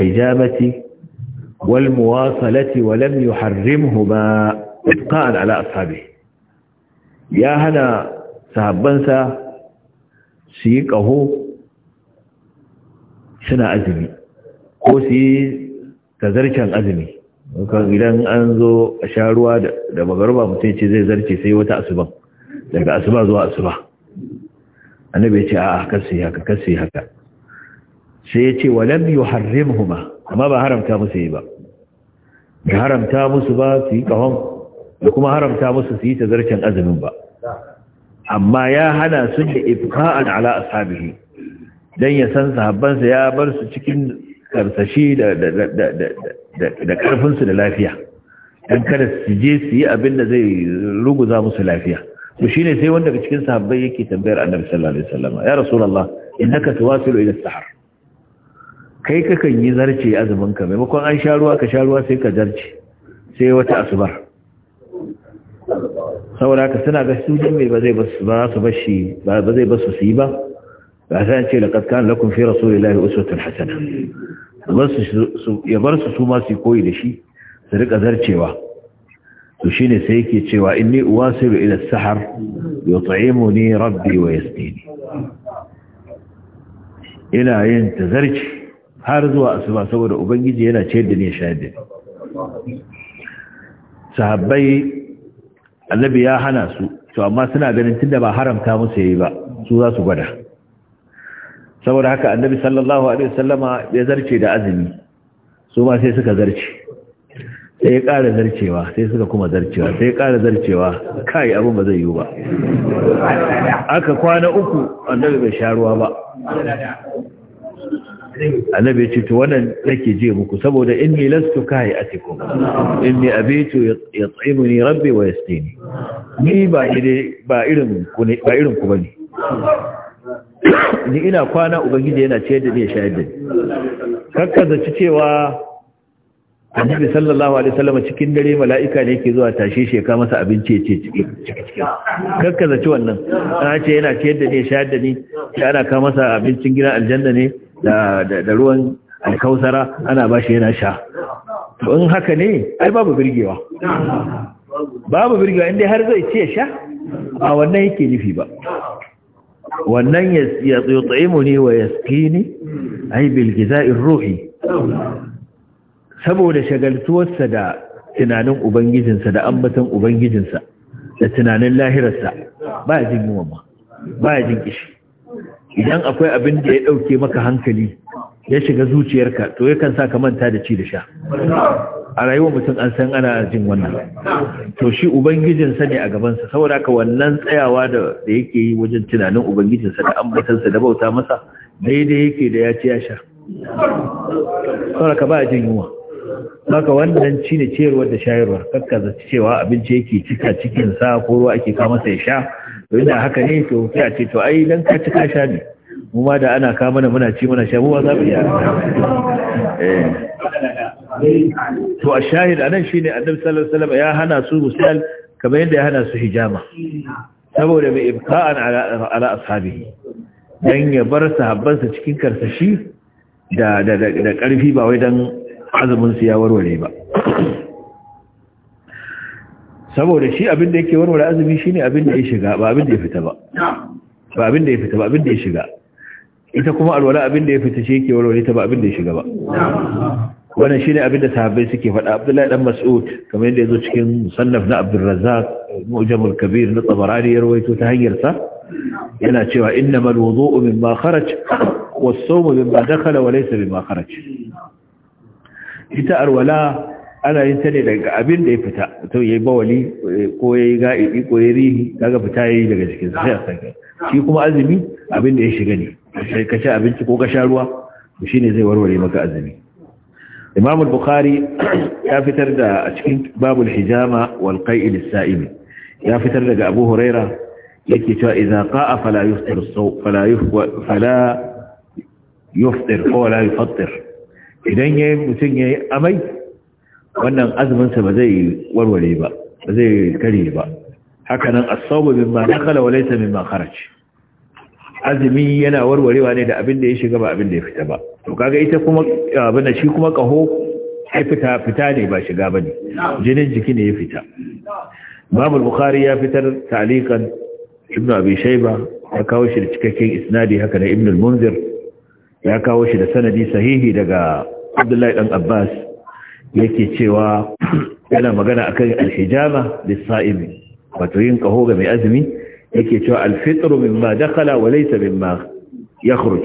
wal muwasalati wa lam yuharrimhu ba itqan ala ashabi ya hana sahabbansa su yi kaho suna azumi ko su yi tazarcen azumi kan idan an zo a sha ruwa da magaruba mutum ce zai zarce sai wata asuban daga asuba zuwa asuba annabi ce a sai haka sai haka sai ya ce walam yuharrimhuma amma ba haramta musu yi ba da haramta musu ba su yi kahon da kuma haramta musu su yi ta zarcen azumin ba amma ya hana su da ifka'an ala ashabihi dan ya san sahabbansa ya bar su cikin karsashi da da da da da su da lafiya dan kada su je su yi abin da zai ruguza musu lafiya to shine sai wanda ga cikin sahabbai yake tambayar annabi sallallahu alaihi wasallam ya rasulullah innaka tuwasilu ila sahar kai kakan yi zarce azumin ka maimakon an sha ruwa ka sha ruwa sai ka zarce sai wata asubar saboda ka suna ga su mai ba zai basu ba su bashi ba zai basu su yi ba ba sai ce laqad kana lakum fi rasulillahi uswatun hasana ya bar su su ma su koyi da shi su rika zarcewa to shine sai yake cewa inni bi ila sahar yut'imuni rabbi wa yasqini ina yin tazarci har zuwa asuba saboda ubangiji yana ce da ne shayar da sahabbai annabi ya hana su to amma suna ganin tunda ba haramta musu yayi ba su za su gwada saboda haka annabi sallallahu alaihi wasallama ya zarce da azumi su ma sai suka zarce sai ya ƙara zarcewa sai suka kuma zarcewa sai ya ƙara zarcewa kai abin ba zai yiwu ba aka kwana uku annabi bai sha ruwa ba annabi ya ce to wannan nake je muku saboda inni lastu kai atikum inni abitu yat'imuni rabbi wa yasqini ni ba ire ba irin ku ne ba irin ku bane ni ina kwana ubangiji yana ciyar da ni shayar da ni kakka zaci cewa annabi sallallahu alaihi wasallam cikin dare mala'ika ne yake zuwa tashe shi ka masa abinci ya ce ciki kakka ci wannan ana ce yana ciyar da ni shayar da ni ana ka masa abincin gidan aljanna ne da da ruwan alkausara ana ba shi yana sha to in haka ne ai babu birgewa babu birgewa inda har zai ce sha a wannan yake nufi ba wannan ya tsotsa'imu ne wa yaski ne ai bilgiza'in ruhi saboda shagaltuwarsa da tunanin ubangijinsa da ambatan ubangijinsa da tunanin lahirarsa ba ya jin yunwa ba ya jin kishi idan akwai abin da ya ɗauke maka hankali ya shiga zuciyarka to ya kan sa ka manta da ci da sha a rayuwar mutum an san ana jin wannan to shi ubangijinsa ne a gabansa saboda haka wannan tsayawa da yake yi wajen tunanin ubangijinsa da ambatansa da bauta masa daidai yake da ya ci ya sha saboda ka ba jin yunwa ka wannan shi ne ciyarwar da shayarwar kakkaza cewa abinci yake cika cikin sa ko ruwa ake kama masa ya sha to ina haka ne to sai ce to ai dan ka ci ka sha ne mu ma da ana kama mana muna ci muna sha mu ba za mu iya eh to a shahid anan shine annabi sallallahu alaihi wasallam ya hana su musal kamar yadda ya hana su hijama saboda mai ibqa'an ala ala ashabihi dan ya bar sahabbansa cikin karsashi da da da karfi ba wai dan azumin su ya warware ba saboda shi abin da yake warware azumi shine abin da ya shiga ba abin da ya fita ba ba abin da ya fita ba abin da ya shiga ita kuma alwala abin da ya fita shi yake warware ta ba abin da ya shiga ba wannan shine abin da sahabbai suke faɗa Abdullahi dan Mas'ud kamar yadda yazo cikin musannaf na Abdul Razzaq Mu'jamul Kabir na Tabarani ya rawaito ta hanyar sa yana cewa innamal wudu'u mimma kharaj was-sawmu mimma dakhala wa laysa mimma kharaj ita arwala ana yin ta ne daga abin da ya fita mutum yayi bawali ko yayi ga'idi ko yayi rihi kaga fita yayi daga cikin sai a saka shi kuma azumi abin da ya shiga ne sai ka ci abinci ko ka sha ruwa to shine zai warware maka azumi imam al-bukhari ya fitar da a cikin babul hijama wal qai'il as-sa'im ya fitar daga abu huraira yake cewa idza qa'a fala yuftir fala fala yuftir ko la yuftir idan yayi mutun yayi amai wannan azumin sa ba zai warware ba ba zai kare ba hakanan as-sawm mimma dakhala wa laysa mimma azumi yana warwarewa ne da abin da ya shiga ba abin da ya fita ba to kaga ita kuma abin shi kuma kaho ai fita fita ne ba shiga bane jinin jiki ne ya fita babu bukhari ya fitar ta'liqan ibnu abi shayba ya kawo shi da cikakken isnadi haka da ibnu munzir ya kawo shi da sanadi sahihi daga abdullahi dan abbas yake cewa yana magana akan al-hijama lis-sa'imi wato yin kaho ga mai azumi yake cewa alfitru mimma dakhala wa laysa mimma yakhruj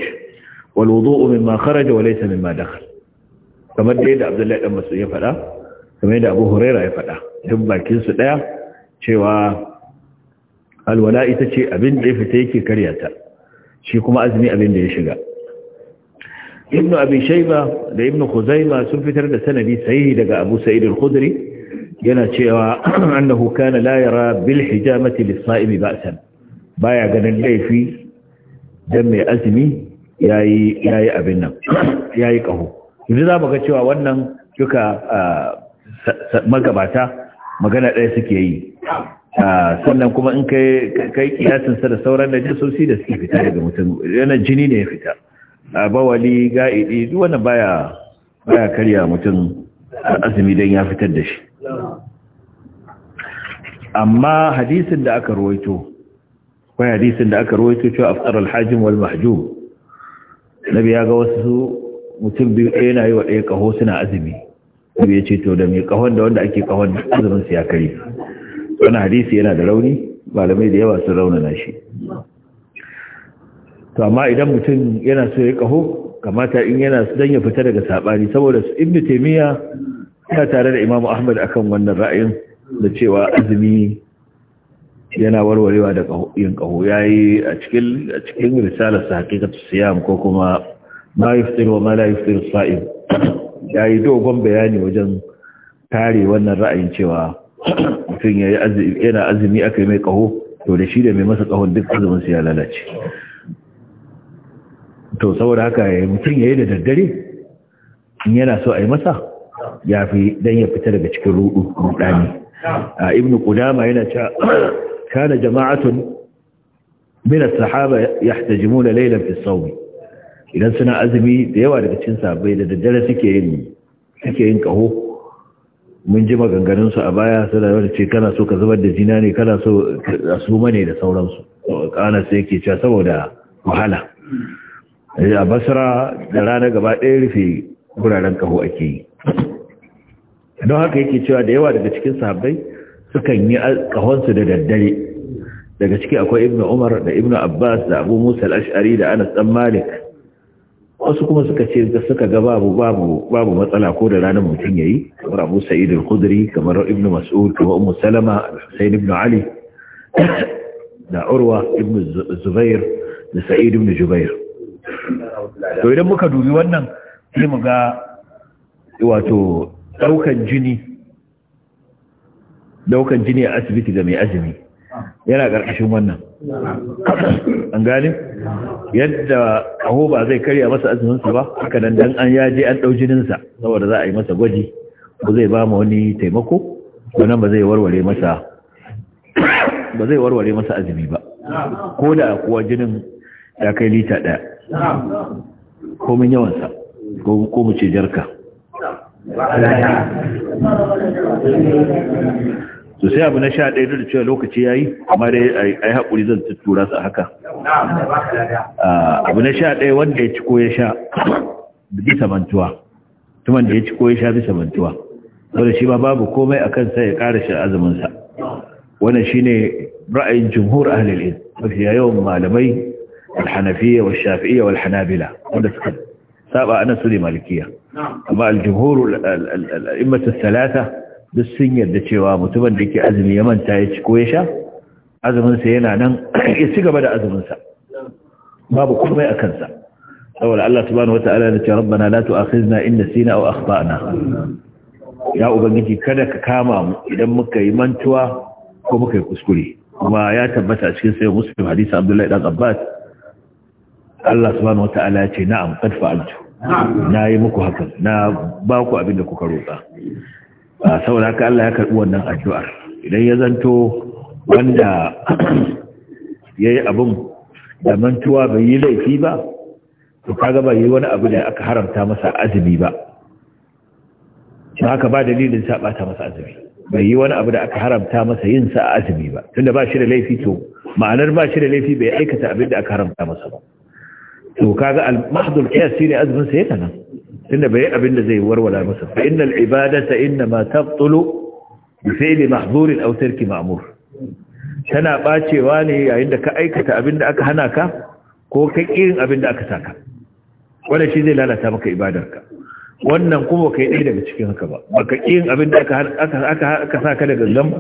wal wudu'u mimma kharaja wa laysa ma dakhala kamar da yadda Abdullahi dan Mas'ud ya faɗa kamar yadda Abu Huraira ya faɗa duk bakin su daya cewa alwala ita ce abin da ya fita yake karyata shi kuma azumi abin da ya shiga ibnu abi shayba da ibnu khuzaima sun fitar da sanadi sahihi daga Abu Sa'id al-Khudri yana cewa annahu kana la yara bil hijamati lis-sa'imi ba'san baya ganin laifi dan mai azumi yayi yayi abin nan yayi kaho yanzu mu ga cewa wannan duka magabata magana ɗaya suke yi sannan kuma in kai kai kiyasin sa da sauran najisosi da suke fita daga mutum yana jini ne ya fita bawali ga'idi duk wannan baya baya karya mutum azumi don ya fitar da shi amma hadisin da aka ruwaito kwai hadisin da aka ruwaito cewa aftar alhajin wal mahjum nabi ya ga wasu mutum biyu ɗaya na yi wa ɗaya kaho suna azumi nabi ya ce to da mai kahon da wanda ake kahon azumin su ya kai wani hadisi yana da rauni malamai da yawa sun raunana shi to amma idan mutum yana so ya kaho kamata in yana dan ya fita daga saɓani, saboda ibnu taymiya yana tare da imamu ahmad akan wannan ra'ayin da cewa azumi yana warwarewa da yin kaho ya yi a cikin risalar sa ta siyam ko kuma ma yuftir wa ma sa'in, ya yi yayi dogon bayani wajen kare wannan ra'ayin cewa mutum yana azumi aka yi mai kaho to da shi da mai masa kahon duk azumin sa ya lalace to saboda haka ya mutum ya yi da daddare in yana so a yi masa ya fi don ya fita daga cikin rudani a ibn kudama yana cewa kana jama'atun min as-sahaba yahtajimuna laylan fi as-sawm idan suna azumi da yawa daga cikin sahabbai da daddare suke yin suke kaho mun ji maganganunsu a baya da wani ce kana so ka zubar da jina ne kana so a su da sauransu kana sai yake cewa saboda wahala Eh, a basra da rana gaba ɗaya rufe guraren kaho ake yi don haka yake cewa da yawa daga cikin sahabbai sukan yi kahonsu da daddare daga ciki akwai ibnu umar da ibnu abbas da abu musa al-ash'ari da anas dan malik wasu kuma suka ce suka ga babu babu babu matsala ko da ranar mutum yayi kamar abu sa'id al-khudri kamar ibnu mas'ud kamar Umar salama al husayn ibnu ali da urwa ibnu zubair da sa'id ibnu jubair to idan muka dubi wannan sai mu ga wato daukan jini daukan jini a asibiti ga mai azumi yana ƙarƙashin wannan an gane yadda aho ba zai karya masa azuminsa ba haka nan dan an yaje an ɗau jininsa saboda za a yi masa gwaji ko zai ba mu wani taimako nan ba zai warware masa ba zai warware masa azumi ba ko da kuwa jinin ya kai lita ɗaya komin yawansa ko mu ce jarka to sai abu na sha ɗaya da cewa lokaci ya yi amma dai a yi haƙuri zan tuttura su haka abu na sha ɗaya wanda ya ci ko ya sha bisa mantuwa tuman da ya ci ko ya sha bisa mantuwa wadda shi ma babu komai a kansa ya ƙara shi azuminsa wannan shi ne ra'ayin jumhur ahalil mafi yawan malamai alhanafiya wa shafi'iyya wal hanabila wanda suka saba anan su ne malikiya amma aljumhur al'immatu thalatha duk sun yarda cewa mutumin da yake azumi ya manta ya ci ko ya sha azumin sa yana nan ya ci gaba da azumin sa babu komai a kansa saboda Allah subhanahu wataala ya ce rabbana la tu'akhizna in nasina aw akhtana ya ubangiji kada ka kama idan muka yi mantuwa ko muka yi kuskure kuma ya tabbata a cikin sayin muslim hadisi abdullahi dan abbas Allah subhanahu wata'ala ya ce na'am qad fa'altu na yi muku hakan na ba ku abin da kuka roƙa saboda haka Allah ya karɓi wannan addu'ar idan ya zanto wanda yayi abin da mantuwa bai yi laifi ba to kaga ba yi wani abu da aka haramta masa azumi ba ba haka ba dalilin sa bata masa azumi bai yi wani abu da aka haramta masa yin sa azumi ba tunda ba shi da laifi to ma'anar ba shi da laifi bai aikata abin da aka haramta masa ba to kaga mahdul qiyas shine azumin sa yana nan tunda bai abin da zai warwala masa fa innal ibadata ma tabtulu bi fi'li mahdhur aw tarki ma'mur tana bacewa ne yayin da ka aikata abin da aka hana ka ko kai irin abin da aka saka wannan shi zai lalata maka ibadarka wannan kuma kai ɗaya daga cikin haka ba baka yin abin da aka aka aka saka daga zamba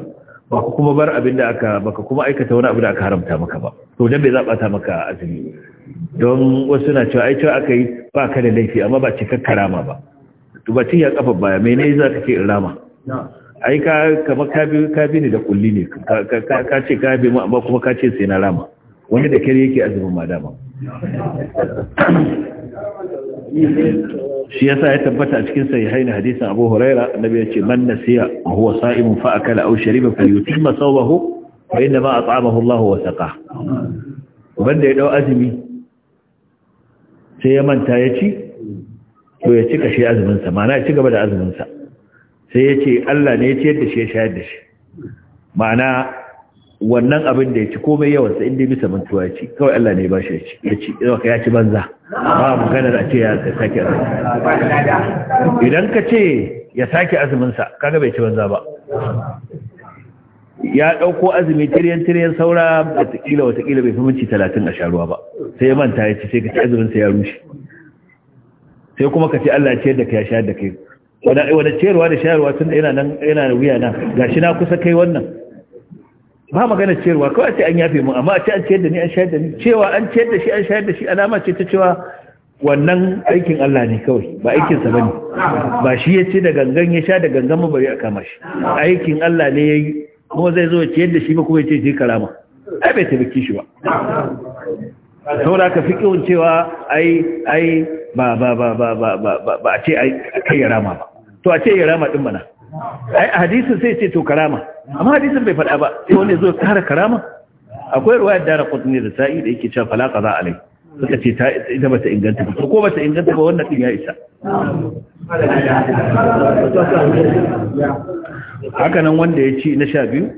baka kuma bar abin da aka baka kuma aikata wani abu da aka haramta maka ba to dan bai zaba ta maka azumi don wasu na cewa aicewa aka yi ba ka da laifi amma ba cikakka rama ba tubatun ya kafa baya mai ne za ka ce in rama ai ka kama kabi ne da kulli ne ka ce kabi mu amma kuma ka ce sai na rama wani da kare yake azumin ma dama shi yasa ya tabbata a cikin haini hadisin Abu Huraira annabi ya ce man nasiya huwa sa'imun fa akala aw shariba yutimma sawbahu fa inna ma at'amahu Allah wa saqa wanda ya dau azumi sai ya manta ya ci to ya ci kashe azuminsa ma'ana ya ci gaba da azuminsa sai ya ce Allah ne ya ciyar da shi ya shayar da shi ma'ana wannan abin da ya ci komai yawansa inda bisa mantuwa ya ci kawai Allah ne ya bashi ya ci ya ci banza ba maganar da ce ya sake idan ka ce ya sake azumin sa kaga bai ci banza ba ya ɗauko azumi tiriyan tiriyan saura watakila watakila bai fi minci talatin a sharuwa ba sai ya manta ya ci sai ka ci azumin sai ya rushe sai kuma ka ce Allah ya ciyar da ka ya shayar da kai wani wani ciyarwa da shayarwa tun da yana nan yana da wuya na gashi na kusa kai wannan ba magana ciyarwa kawai ce an yafe mu amma a ce an ciyar da ni an shayar da ni cewa an ciyar da shi an shayar da shi alama ce ta cewa wannan aikin Allah ne kawai ba aikinsa ba ne ba shi ya ce da gangan ya sha da gangan mabari a kama shi aikin Allah ne ya yi kuma zai zo ciyar da shi ba kuma ya ce je karama ai bai taimaki shi ba saboda ka fi kiwon cewa ai ai ba ba ba ba ba ba ba a ce ai kai ya rama ba to a ce ya rama din mana ai hadisin sai ce to karama amma hadisin bai faɗa ba sai wanda zo kara karama akwai ruwayar dara qutni da sa'i da yake cewa falaka za alai suka ce ta ita bata inganta ba ko bata inganta ba wannan din ya isa haka nan wanda ya ci na sha biyu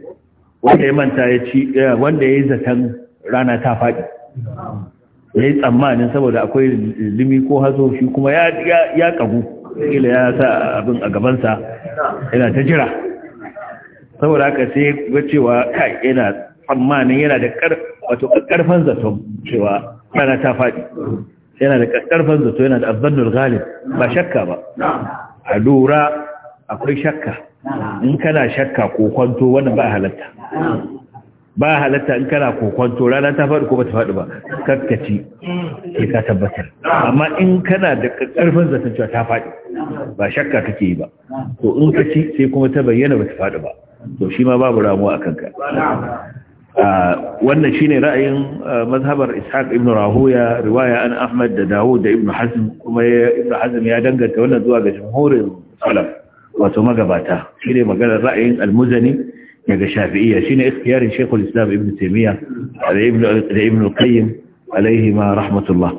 wanda ya manta ya ci eh, wanda ya yi zaton rana ta faɗi ya yi tsammanin saboda akwai limi ko hazo shi kuma ya ƙagu. ila ya sa abin a gabansa yana ta jira saboda haka sai ga cewa kai yana tsammanin yana da wato karfan zato cewa rana ta faɗi yana da karfan zato yana da azzannul ghalib ba shakka ba a lura akwai shakka in kana shakka ko kwanto wannan ba halatta ba halatta in kana ko kwanto, rana ta faɗi ko ba ta faɗi ba kakkaci ke ka tabbatar amma in kana da ƙarfin zato cewa ta faɗi ba shakka kake yi ba to in ka ci sai kuma ta bayyana ba ta faɗi ba to shi ma babu ramuwa a kanka Ah, wannan shine ra'ayin ah, mazhabar Ishaq ibn Rahuya riwaya an Ahmad da Dawud da Ibn Hazm kuma Ibn Hazm ya danganta wannan zuwa ga jumhurin salaf wato magabata shine maganar ra'ayin al-Muzani daga Shafi'iyya shine ikhtiyarin Sheikhul Islam Ibn Taymiyyah da Ibn da Ibn Qayyim alaihi ma rahmatullah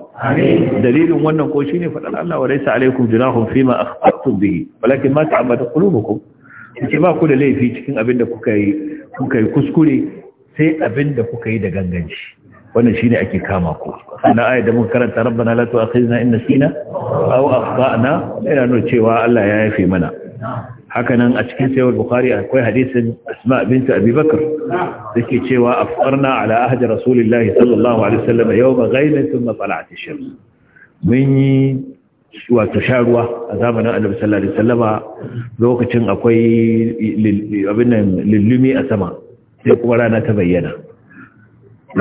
dalilin wannan ko shine fadan Allah wa laysa alaikum junahun fima akhtatum bihi walakin ma ta'ammadu qulubukum ba ku da laifi cikin abin da kuka yi kuka yi kuskure sai abin da kuka yi da ganganci wannan shine ake kama ku na ayat da muka karanta rabbana la tu'akhizna in nasina aw akhtana yana nuna cewa Allah ya yafe mana hakanan a cikin sayyid bukhari akwai hadisin asma bint abi bakr dake cewa afqarna ala ahdi rasulillahi sallallahu alaihi wasallam yawma ghaimin thumma tala'at ash-shams mun yi wato sharuwa a zamanin annabi sallallahu alaihi wasallama lokacin akwai abin nan lillumi a sama sai kuma rana ta bayyana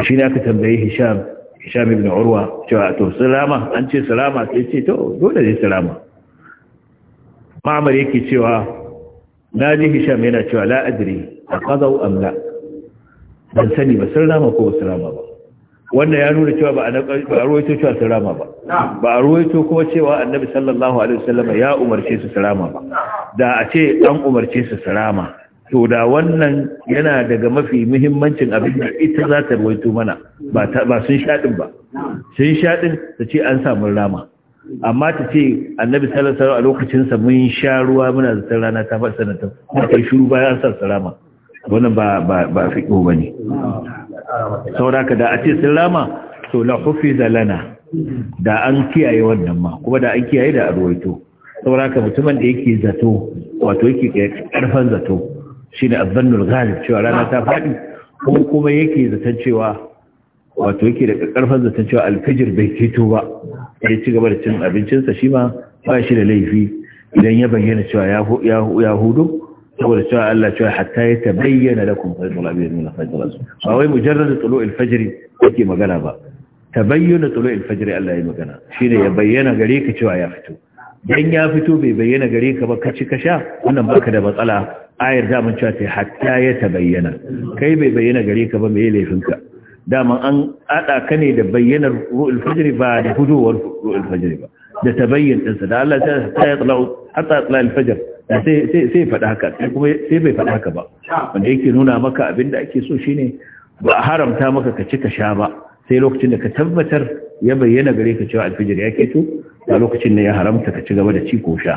shi ne aka tambayi hisham hisham ibn urwa cewa to salama an ce salama sai ce to dole ne salama ma'amar yake cewa na ji hisham yana cewa la adri a kazau am la ban sani ba salama ko salama ba wannan ya nuna cewa ba a ruwaito cewa salama ba ba a ruwaito kuma cewa annabi sallallahu alaihi wasallam ya umarce su salama ba da a ce an umarce su salama to da wannan yana daga mafi muhimmancin abin da ita za ta ruwaito mana ba sun shaɗin ba sun shaɗin ta ce an samun rama amma ta ce annabi salasar a lokacinsa mun sha ruwa muna zartar rana ta faɗi sanata kuma kai shuru bayan an sa rama wannan ba fi ƙo ba ne sauraka da a ce sun rama to la hufi da lana da an kiyaye wannan ma kuma da an kiyaye da a ruwaito sauraka mutumin da yake zato wato yake ƙarfan zato shine azzannul ghalib cewa rana ta faɗi ko kuma yake zaton cewa wato yake da karfan zaton cewa alfijir bai fito ba ya ci gaba da cin abincinsa shi ma ba shi da laifi idan ya bayyana cewa ya hudu saboda cewa Allah cewa hatta ya tabayyana lakum fayyul abiyar min al-fajr azum ba wai mujarrad tulu al-fajr yake magana ba tabayyana tulu al-fajr Allah ya magana shi shine ya bayyana gare ka cewa ya fito dan ya fito bai bayyana gare ka ba kaci kasha wannan baka da matsala ayar da mun cewa hatta ya tabayyana kai bai bayyana gare ka ba mai laifin ka dama an ada ka ne da bayyanar ru'ul fajr ba da fitowar ru'ul fajr ba da tabayyin din sa da Allah ta ya tsala hatta tsala al-fajr sai sai sai faɗa haka sai kuma sai bai faɗa haka ba wanda yake nuna maka abinda ake so shine ba haramta maka ka ci ka sha ba sai lokacin da ka tabbatar ya bayyana gare ka cewa alfijir ya keto a lokacin ne ya haramta ka ci gaba da ci ko sha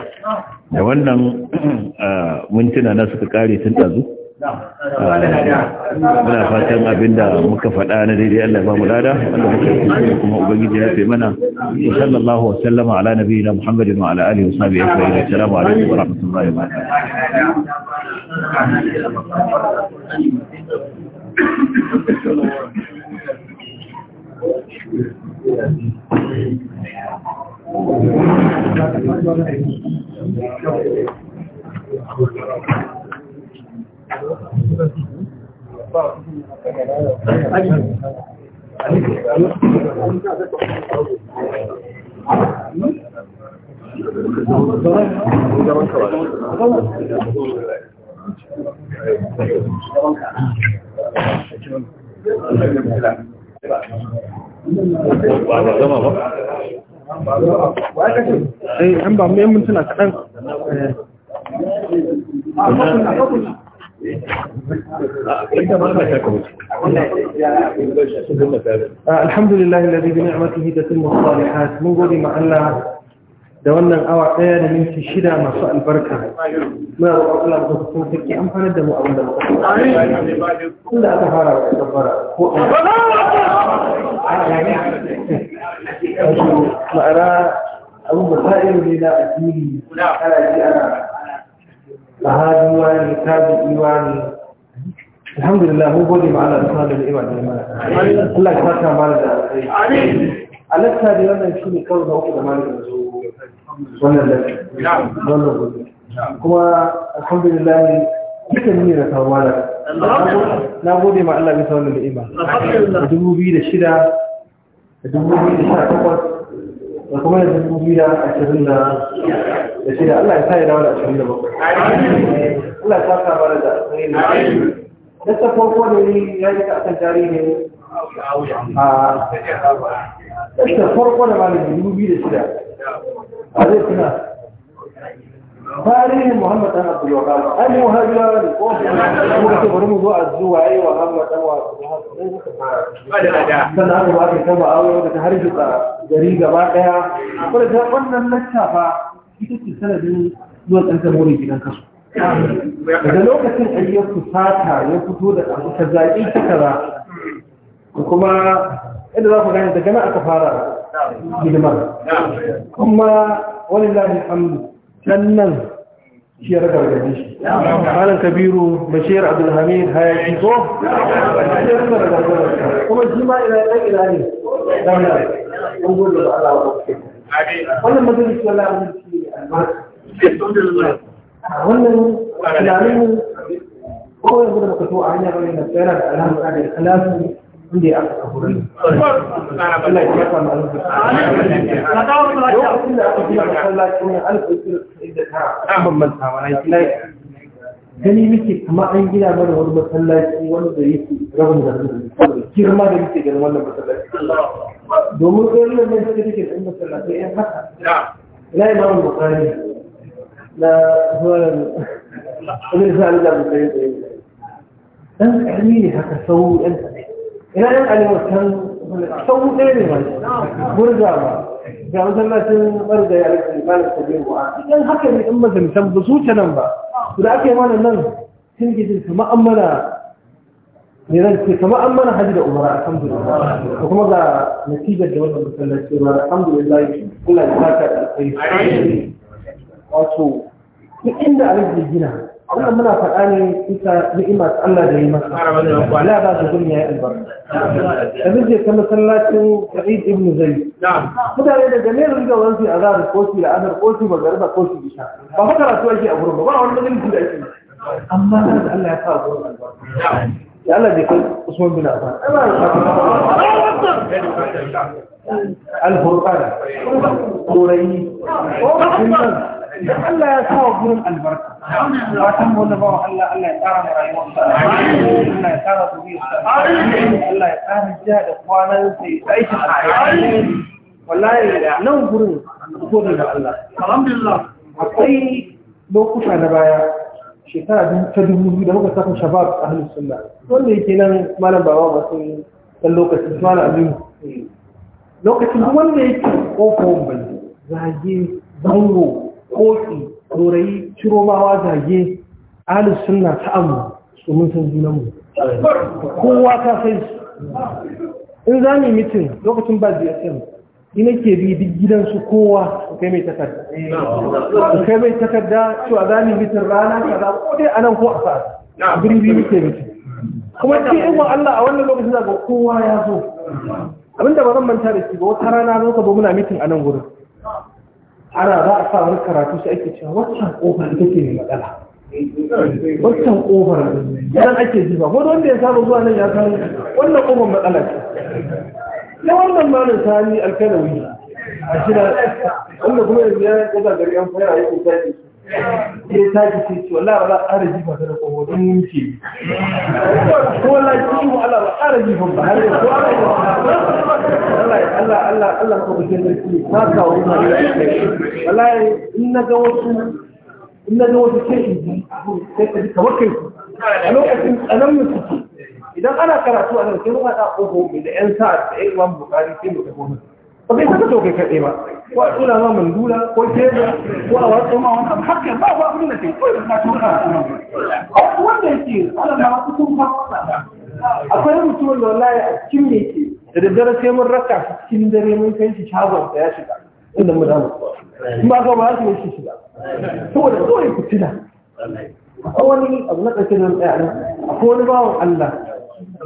da wannan mintuna na suka kare tun ɗazu muna fatan abinda muka faɗa na daidai Allah ba mu lada wanda muka yi kuma ubangiji ya fi mana sallallahu wa sallama ala nabiyina muhammadin wa ala alihi wa sahbihi ajma'in assalamu alaikum wa rahmatullahi wa barakatuh Thank الحمد لله الذي بنعمته تتم الصالحات من قول ما ألا دوانا أو عيانا من تشيدا ما شاء البركة ما هو أقول لك تكون أم فندم أو دم كل ma'ana abin da fa'in ne na addini ana ji ana sahabiwa ne tabi'iwa ne alhamdulillah mun gode ma Allah subhanahu da ni'ima da mana Allah ya saka mana da alheri alatta da wannan shine karo na uku da malamin zo wannan da, wannan gobe kuma alhamdulillah dukkan ne na kawo malamin na gode ma Allah bisa wannan ni'ima da dubu biyu da shida da dubu biyu da takwas da kuma da dubu biyu da ashirin da shida Allah ya ashirin da bakwai Allah ya sa da da da farko da ni ya yi ta akan tarihin a da farko da malamin dubu biyu da shida a zai tarihin muhammad dan abdul wahab ai mu hajjara ne ko mu kace bari mu zo a zuwa ai muhammad dan wasu sannan aka ba ta kama aure da ta harjuka gari gaba ɗaya. kuma da wannan lacca ita ce sanadin zuwa tsanta more gidan kasu da lokacin ali ya ya fito da abu ta zaƙi kaza kuma inda za ku gani daga nan aka fara hidimar kuma wani lahi hamdu dan nan shi ya raga gargaɗe shi malam kabiru bashir abdulhamid hayaki ko shi ya raga kuma shi ma ina ɗan ina ne dan nan an da Allah wa wannan majalis wala an ci albarka wannan tunanin ko yanzu da muka so a hanyar wani na tsayar da alhamdulillah da ikhlasu inda ya aka kabura ne. Allah ya kafa mu alƙur. Lokacin da aka biya masallacin ya alƙur da ta amman manta mana kila gani muke kuma an gina mana wani masallaci wanda yake rabin da rabin girma da muke ganin wannan masallaci. Domin ɗan nan nan suka take ɗan masallaci ya haka. Ina yi mamun bukari na zuwan Ibn Sa'ad da Bukari da Dan ƙarni ne haka sau ɗan ƙarni. ina yan alimantan sau ɗaya ne mai gurgawa ga masallacin ɓarga ya alƙari malar sabbin wa idan haka ne in mazalitan ba su ta nan ba su da ake mana nan sun gidi kama an mana ne zan ce kama an mana hajji da umara alhamdulillah da kuma ga natijar da wannan masallaci ma alhamdulillah kula da ta ta alƙari wato duk inda alaƙi gina wannan muna faɗa ne bisa ni'imar Allah da yi masa la ba su ya yi albarka da zai ta masallacin Sa'id ibn Zayd mutane da jami'ar riga wansu a zahar koshi da azar koshi magarba koshi bisha ba fa karatu ake a gurin ba ba wani dalilin da ake amma da Allah ya sa gurin albarka ya Allah bai kai Usman bin Affan al-Furqan Qurayi dan Allah ya sa gurin albarka ba san mu ba Allah Allah ya tsara rayuwar sa Allah ya tsara zuriyar sa Allah ya tsara jiya da kwanan sai aikin sa wallahi nan gurin gode da Allah alhamdulillah akwai lokuta na baya shekara ta dubu biyu da muka saka shabab a hannun sunna wanda yake nan malam baba ba sun dan lokacin malam aminu lokacin wanda yake kofar bai zage zango koki dorayi ciromawa zage alis suna ta amma su mun san junan mu kowa ta sai su in za mu mitin lokacin ba GSM ni nake bi duk gidan su kowa su kai mai takarda su kai mai takarda cewa za mu mitin rana kaza ko dai anan ko a sa'a a biyu muke mitin kuma ce in Allah a wannan lokacin za ga kowa ya zo abinda ba zan manta da shi ba wata rana zo ka zo muna mitin a nan gurin ana za a sa wani karatu sai ake cewa waccan kofar ita ce mai matsala waccan kofar idan ake ji ba wanda wanda ya saba zuwa nan ya san wannan kofar matsala ce ya wannan malam sani alkalawi a shida wanda kuma yanzu ya koda gari an fara yi kokari sai ta ji ce wallahi ba za a ƙara ba da ƙoho don ko wallahi ki mu Allah ba ƙara jifa ba har da ko Allah Allah Allah Allah ko bikin da ki ta ka wani ma wallahi in na ga wasu in na ga wasu sai in ji sai ka ji a lokacin tsanan mutum idan ana karatu a nan sai mu haɗa da 'yan sa da 'yan uwan bukari sai mu tafi ba zai saka to kai kaɗai ba ko a tura ma mandula ko tebur ko a wasu ma wani abu haka ba ba abin da ke ko kawai na tura a wasu wanda yake ala na wasu sun fasa akwai mutumin da wallahi a cikin ne ke da daddare sai mun raka cikin dare mun kai shi shagon ya shiga inda mu damu in ba ka ba su shi shiga saboda kawai ku tuna a wani abu na ƙarshen nan tsaya akwai wani bawan Allah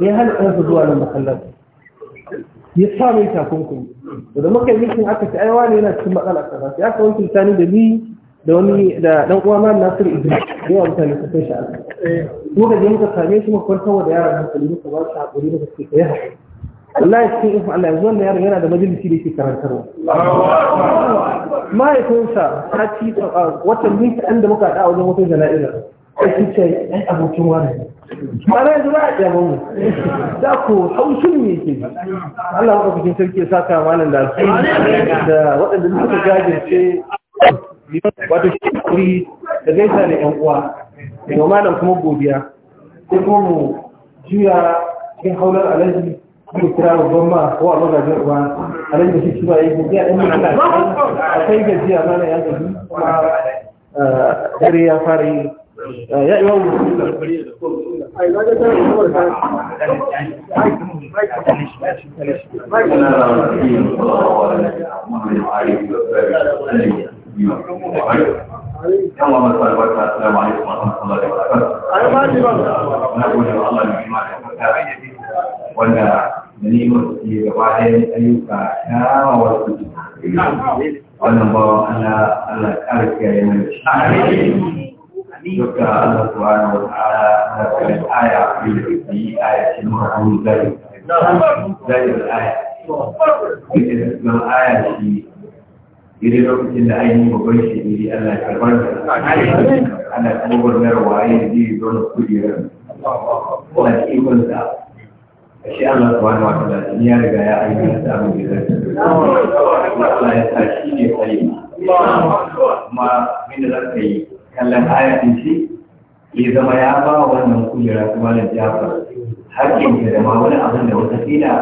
ya hana ɗansa zuwa nan masallaci ya sa takunkumi da muka yi shin aka ci aiwa ne yana cikin matsala kaza sai aka wanke tani da ni da wani da dan uwa ma Nasir Idris da yawa mutane su kai shi aka muka je muka same shi muka kwantar da yaran hankali muka ba shi hakuri muka ce kai hakuri wallahi cikin ifin Allah yanzu wannan yaron yana da majalisi da yake karantarwa mahaifinsa ta ci watan minti ɗan da muka a wajen wata jana'iza ake ce ɗan abokin wani mana yanzu ba a ɗaya mu Za ku haushin ne ke Allah maka cikin sarki ya saka malam da su da waɗanda suka gajirce wato shi kuri da gaisa da ƴan uwa da malam kuma godiya sai kuma mu juya cikin haular alaji ko kira babban ma ko a magajin uwa alaji da shi shi ba ya yi godiya ɗan A kai gajiya mana ya gaji kuma eh, dare ya fara yi يا ايها wanda ganimar su ke gaba ɗayan ayyuka kyawawar su wannan bawan Allah Allah ƙarfiya yana da shi duka Allah subhanahu wa ta'ala na kan aya da yi aya ce mu hannu zai zai aya don aya shi iri lokacin da ainihin babban shi iri Allah ya karbar da ana kuma gwarnar waye da zai zo na kujerar wani ikon sa a shi Allah subhanahu wa ta'ala ya riga ya aiki ainihin samun gidan Allah ya sa shi ne kalima kuma min za ka yi kallon ayatun shi ya zama ya ba wannan kujera kuma da jafar hakkin da ma wani abin da wata fila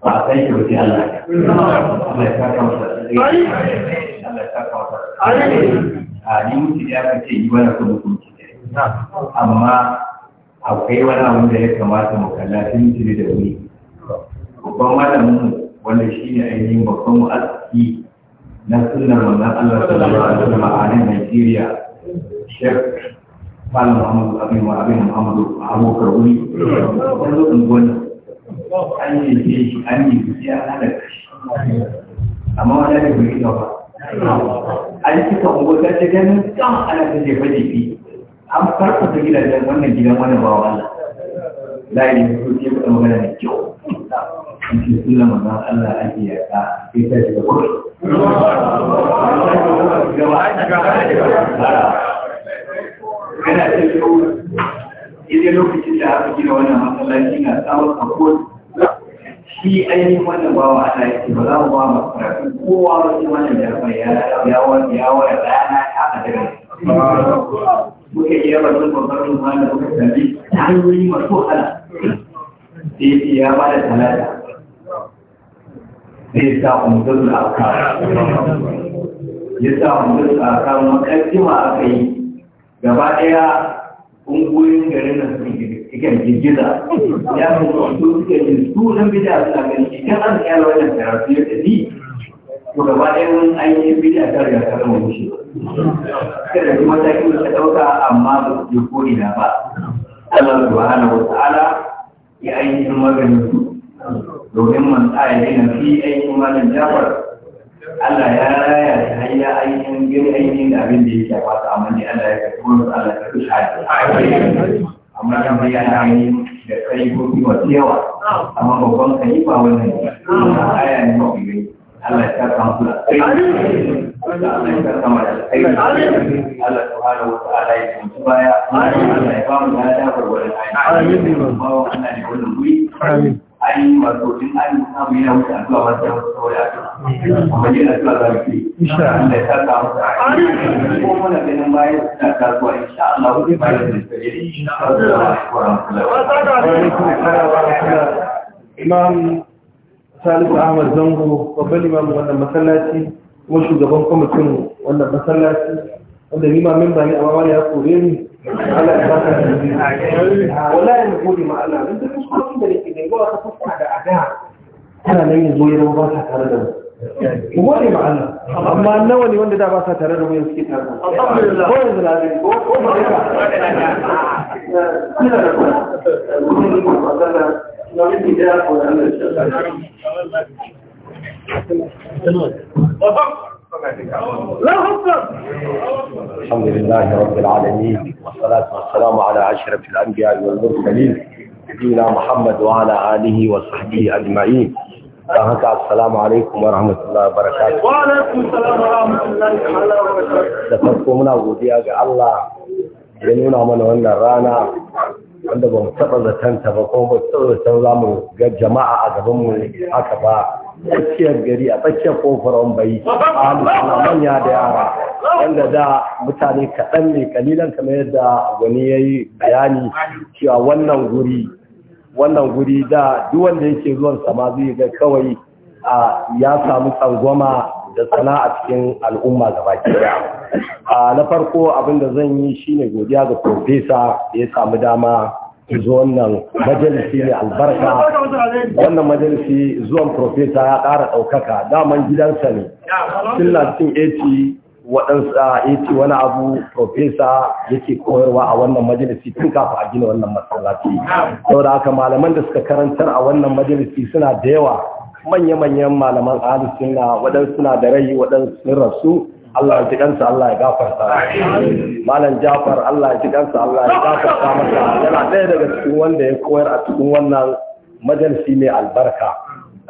ba a san shi wuce Allah ya. Allah ya saka masa Allah ya saka aka ce yi wani kuma kunci Amma akwai wani abin da ya kamata mu kalla tun jiri da wuri. Babban malamin wanda shi ne ainihin babban mu'azzaki na sunan wannan Allah sallallahu alaihi wa sallam a nan Najeriya shek malam muhammadu abin wa abin muhammadu abokar wuri wani zo unguwan an yi da an yi da shi an hada kashi amma wani da bai ita ba an yi cika unguwa ta ce ganin kan ana ta jefa jefi an gidajen wannan gidan wannan bawa Allah la yi su ce kuɗin magana da kyau in Allah ake yaƙa sai ta shiga yana da kyau idan lokacin da gina wannan masallaci na samun kakon shi ainihin wannan bawa ana yake ba za mu ba mu karatu kowa wani wannan da bai ya ya wara rana ta a daga muke yi yawan sun babbar rumana muka sami hanyoyi masu hala sai ya ba da talata zai sa umdul akam ya sa umdul akam makaddima aka yi gaba daya ƙungoyin garin nan sun ikan girgiza ya mutu su suke yin sunan nan bida suna gani idan an tsaya wajen karatu ya tafi to gaba daya wani ainihin bida ta riga ta zama wuce kada kuma ta kiwo ta ɗauka amma ba su je ko ina ba Allah subhanahu wa ta'ala ya ainihin maganin su domin man tsaya gina fi aikin malin jafar Allah ya raya ta hanya aikin gini aikin da abin da yake kwata amma ne Allah ya kuma wani Allah ya karɓi hajji amma kan yana yi da kai ko kuma yawa amma babban yi ba wani ne aya ne mafi gai Allah ya kasa masu da kai Allah ya kasa masu da kai Allah subhanahu wa ta'ala ya tuntu baya Allah ya ba mu da dabar wannan ayi amin ba wannan ne an yi wato in an samu yana wuce addu'a ma sai wasu saboda addu'a amma yin addu'a da mu yi insha Allah ya saka mu ko muna ganin bayan suna kasuwa insha Allah ku ba da tsare insha Allah wa rahmatullahi Imam Salisu Ahmad Zango babban imam wannan masallaci kuma shugaban kwamitin wannan masallaci wanda ni ma memba ne amma wani ya kore ni Allah ya baka wallahi mu gode ma Allah dan duk kuskure da nake da yawa ta fuska da ada kana nan yanzu ya zama ba sa tare da mu mu gode ma Allah amma nawa ne wanda da ba sa tare da mu yanzu ke tare da alhamdulillah ko yanzu na ko ko ba ka kina da ko ni ko ba da na ni da ko Allah ya tsara لا أكبر الحمد لله رب العالمين والصلاة والسلام على الأنبياء والمرسلين نبينا محمد وعلى آله وصحبه أجمعين wa rahmatullahi salam da farko muna godiya ga Allah da nuna mana wannan rana wanda taba zaton ta ba kuma ba taba za mu ga jama'a a gaban mu ba tsakiyar gari a tsakiyar kofar bayi a manya da yara wanda da mutane kaɗan ne kalilan kamar yadda wani ya yi bayani cewa wannan guri wannan guri da duk wanda yake zuwan sama zai ga kawai a ya samu tsangwama da sana'a cikin al'umma baki a na farko abin da zan yi shine godiya ga profesa da ya samu dama ki zo wannan majalisi ne albarka wannan majalisi zuwan profesa ya ƙara ɗaukaka daman gidansa ne tun cin waɗansa 80 wani abu profesa yake koyarwa a wannan majalisi tun kafa a gina wannan sau da aka malaman da suka karantar a wannan majalisi suna da yawa manya-manyan malaman ahalus waɗansu suna da rai waɗansu sun rasu Allah ya jikansa Allah ya gafarta malam Jafar Allah ya jikansa Allah ya gafarta masa yana ɗaya daga cikin wanda ya koyar a cikin wannan majalisi mai albarka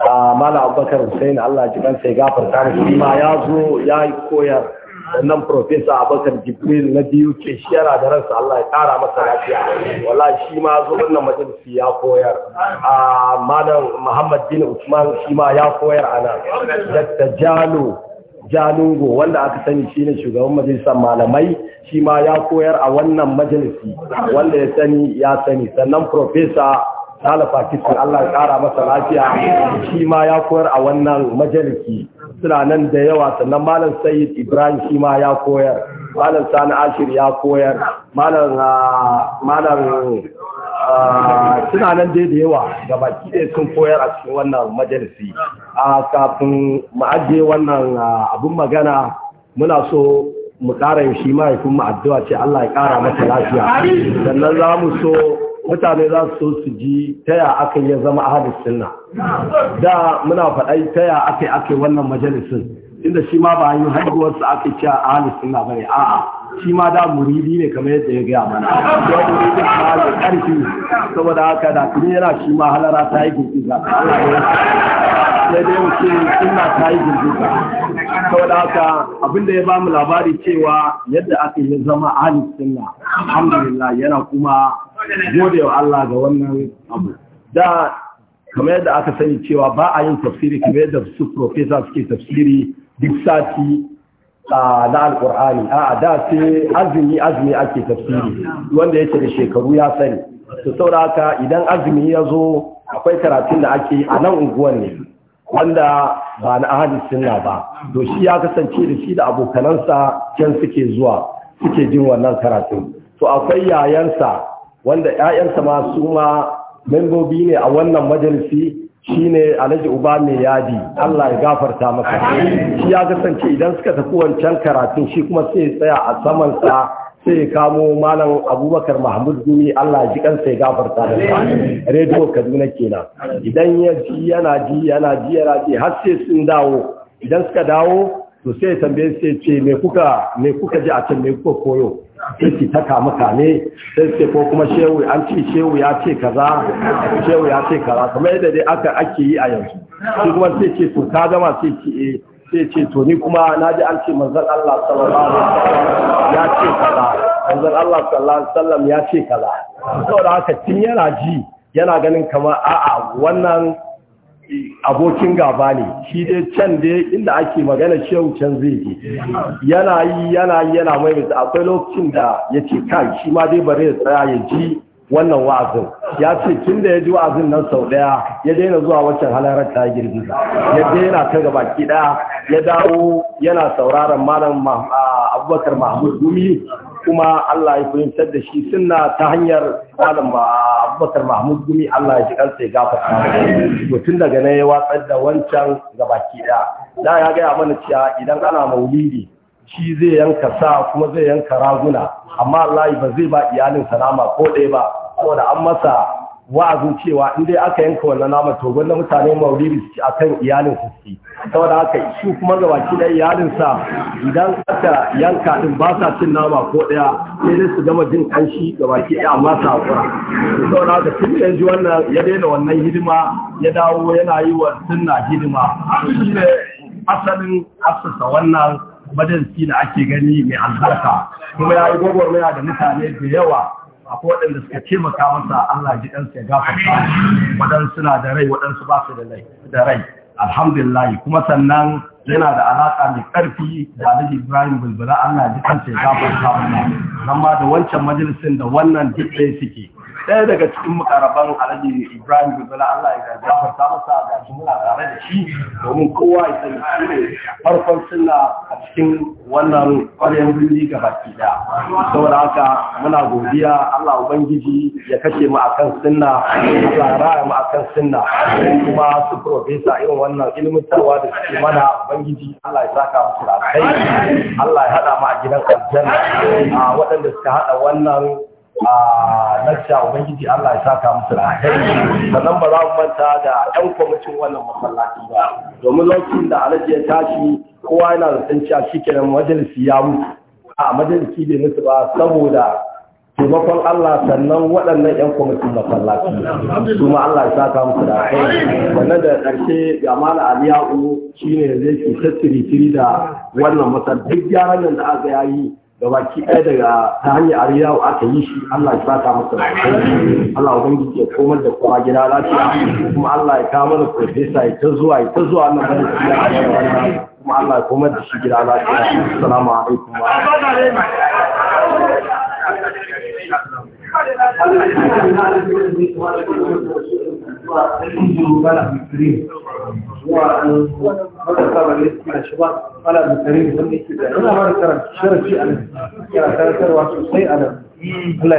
A malam Abubakar Hussein Allah ya jikansa ya gafarta masa ma ya zo ya koyar nan profesa Abubakar Jibril na biyu ke shiyara da ransa Allah ya kara masa lafiya wala shi ma zo wannan majalisi ya koyar A malam Muhammad bin Usman shi ma ya koyar a nan Dr. Jalo jalungo wanda aka sani shi ne shugaban majalisar malamai shi ma ya koyar a wannan majalisi wanda ya sani ya sani sannan profesa Sala Pakistan Allah ya kara masa lafiya shi ma ya koyar a wannan majalisi suna nan da yawa sannan malam Sayyid Ibrahim shi ma ya koyar malam sani ashir ya koyar malam ah, ah, suna nan dai da yawa da baki ɗaya sun koyar a cikin wannan majalisi a ah, kafin mu ajiye wannan abin magana muna so mu ƙara yaushe shi mahaifin mu addu'a ce Allah ya ƙara masa lafiya sannan za mu so mutane za su so su ji taya ya aka yi zama ahadis sunna da muna faɗai taya aka yi wannan majalisin inda shi ma ba yi haihuwar sa aka cewa a halin suna bane a'a shi ma da muridi ne kamar yadda ya gaya mana don muridin ma da ƙarfi saboda haka da kuma yana shi ma halara ta yi girgiza sai dai wuce suna ta yi girgiza saboda haka abinda ya bamu labari cewa yadda aka yi zama halin suna alhamdulillah yana kuma gode wa Allah ga wannan abu da kamar yadda aka sani cewa ba a yin tafsiri kamar yadda su profesa suke tafsiri duk sati na alkur'ani a da sai azumi azumi ake tafsiri wanda yake da shekaru ya sani to sauraka idan azumi ya zo akwai karatun da ake a nan unguwan ne wanda ba na ahadis sunna ba to shi ya kasance da shi da abokanansa can suke zuwa suke jin wannan karatun to akwai yayansa wanda 'ya'yansa ma su ma membobi ne a wannan majalisi Shi shine alhaji uba mai yadi Allah ya gafarta maka shi ya kasance idan suka tafi wancan karatun shi kuma sai tsaya a saman sa sai kamo malam abubakar mahmud gumi Allah ji kansa ya gafarta da rediyo kaduna kenan idan ya ji yana ji yana ji yana ji har sai sun dawo idan suka dawo to sai tambaye sai ce me kuka me ji a can me kuka koyo sai ta kama kane sai ce ko kuma shehu an ce shehu ya ce kaza shehu ya ce kaza kamar yadda dai aka ake yi a yanzu shi kuma sai ce to ka gama sai ce eh sai ce to ni kuma na ji an ce manzon Allah sallallahu alaihi wasallam ya ce kaza manzon Allah sallallahu alaihi wasallam ya ce kaza saboda haka tun yana ji yana ganin kamar a'a wannan abokin gaba ne shi dai can dai inda ake magana shehu can zai je yana yi yana yi yana mai akwai lokacin da ya ce kai shi ma dai bare ya tsaya ya ji wannan wa'azin ya ce tun da ya ji wa'azin nan sau daya ya daina zuwa wancan halarar ta girgiza ya daina ta gaba ki daya ya dawo yana sauraron malam abubakar mahmud gumi kuma Allah ya fahimtar da shi suna ta hanyar malam Abubakar Mahmud Gumi Allah ya ji kansa ya gafarta mutum daga nan ya watsar da wancan gabaki daya da ya gaya mana cewa idan ana maulidi shi zai yanka sa kuma zai yanka raguna amma Allah ba zai ba iyalin salama ko ɗaya ba saboda an masa wa'azin cewa in dai aka yanka wannan nama, to gwanda mutane maulidi su ci akan iyalin su ci saboda haka shi kuma ga baki da iyalinsa idan aka yanka din ba sa cin nama ko daya sai dai su gama jin kanshi ga baki daya amma sa hakura saboda haka tun da ji wannan ya daina wannan hidima ya dawo yana yi wa sunna hidima shi ne asalin asasa wannan majalisi da ake gani mai albarka kuma ya yi gwagwarmaya da mutane da yawa akwai waɗanda suka taimaka masa Allah ji ɗansa ya gafarta waɗansu na da rai waɗansu ba su da rai alhamdulillah kuma sannan yana da alaƙa mai ƙarfi da Alhaji Ibrahim Bulbula Allah ji ɗansa ya gafarta mana nan da wancan majalisin da wannan duk ɗaya suke ɗaya daga cikin mukarraban alhaji ibrahim bibila allah ya ta masa ga shi muna tare da shi domin kowa ya sani shi ne farkon suna a cikin wannan ƙwaryen birni ga baki da saboda haka muna godiya allah ubangiji ya kashe mu akan suna. allah ya mu akan suna. kuma su profesa irin wannan ilimin ilmantarwa da suke mana ubangiji allah ya saka musu da kai allah ya haɗa mu a gidan aljanna a waɗanda suka haɗa wannan a lakta ubangiji Allah ya saka musu da sannan ba za mu manta da ɗan kwamitin wannan masallaci ba domin lokacin da alaji ya tashi kowa yana da tsanciya shikenan majalisi ya mutu a majalisi bai mutu ba saboda taimakon Allah sannan waɗannan 'yan kwamitin masallaci su ma Allah ya saka musu da alheri wannan da ƙarshe ga mala shi shine zai ke tattiri da wannan masallaci duk gyaran da aka yayi da baki ɗaya daga ta hanyar wa aka yi shi Allah ya saka masa da Allah ya bangi ya komar da kuma gida lafiya kuma Allah ya kawo mana profesa ya ta zuwa ya ta zuwa nan bane shi kuma Allah ya komar da shi gida lafiya assalamu alaikum wa rahmatullahi Allah ya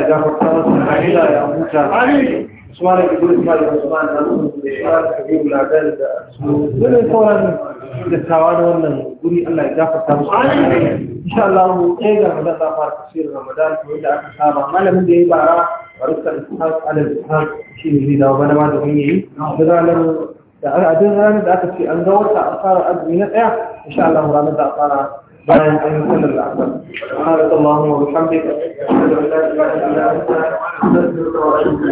gafarta wasu da ya Abuja. suwanan ibn Sa'id Usman da suwanan Kabir Ladan da suwanan sauran dattawa da wannan guri Allah ya gafarta musu insha Allah mu ɗaya ga da Ramadan da aka saba malamin da ya yi bara barkan har alal shi ne da da da ranar da da aka ce an ga wata a fara azumi na ɗaya insha Allah ranar da fara bayan an yi sallar la'asar har sallahu wa bihamdik ashhadu an la ilaha illa anta astaghfiruka wa atubu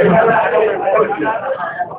ilayk Allah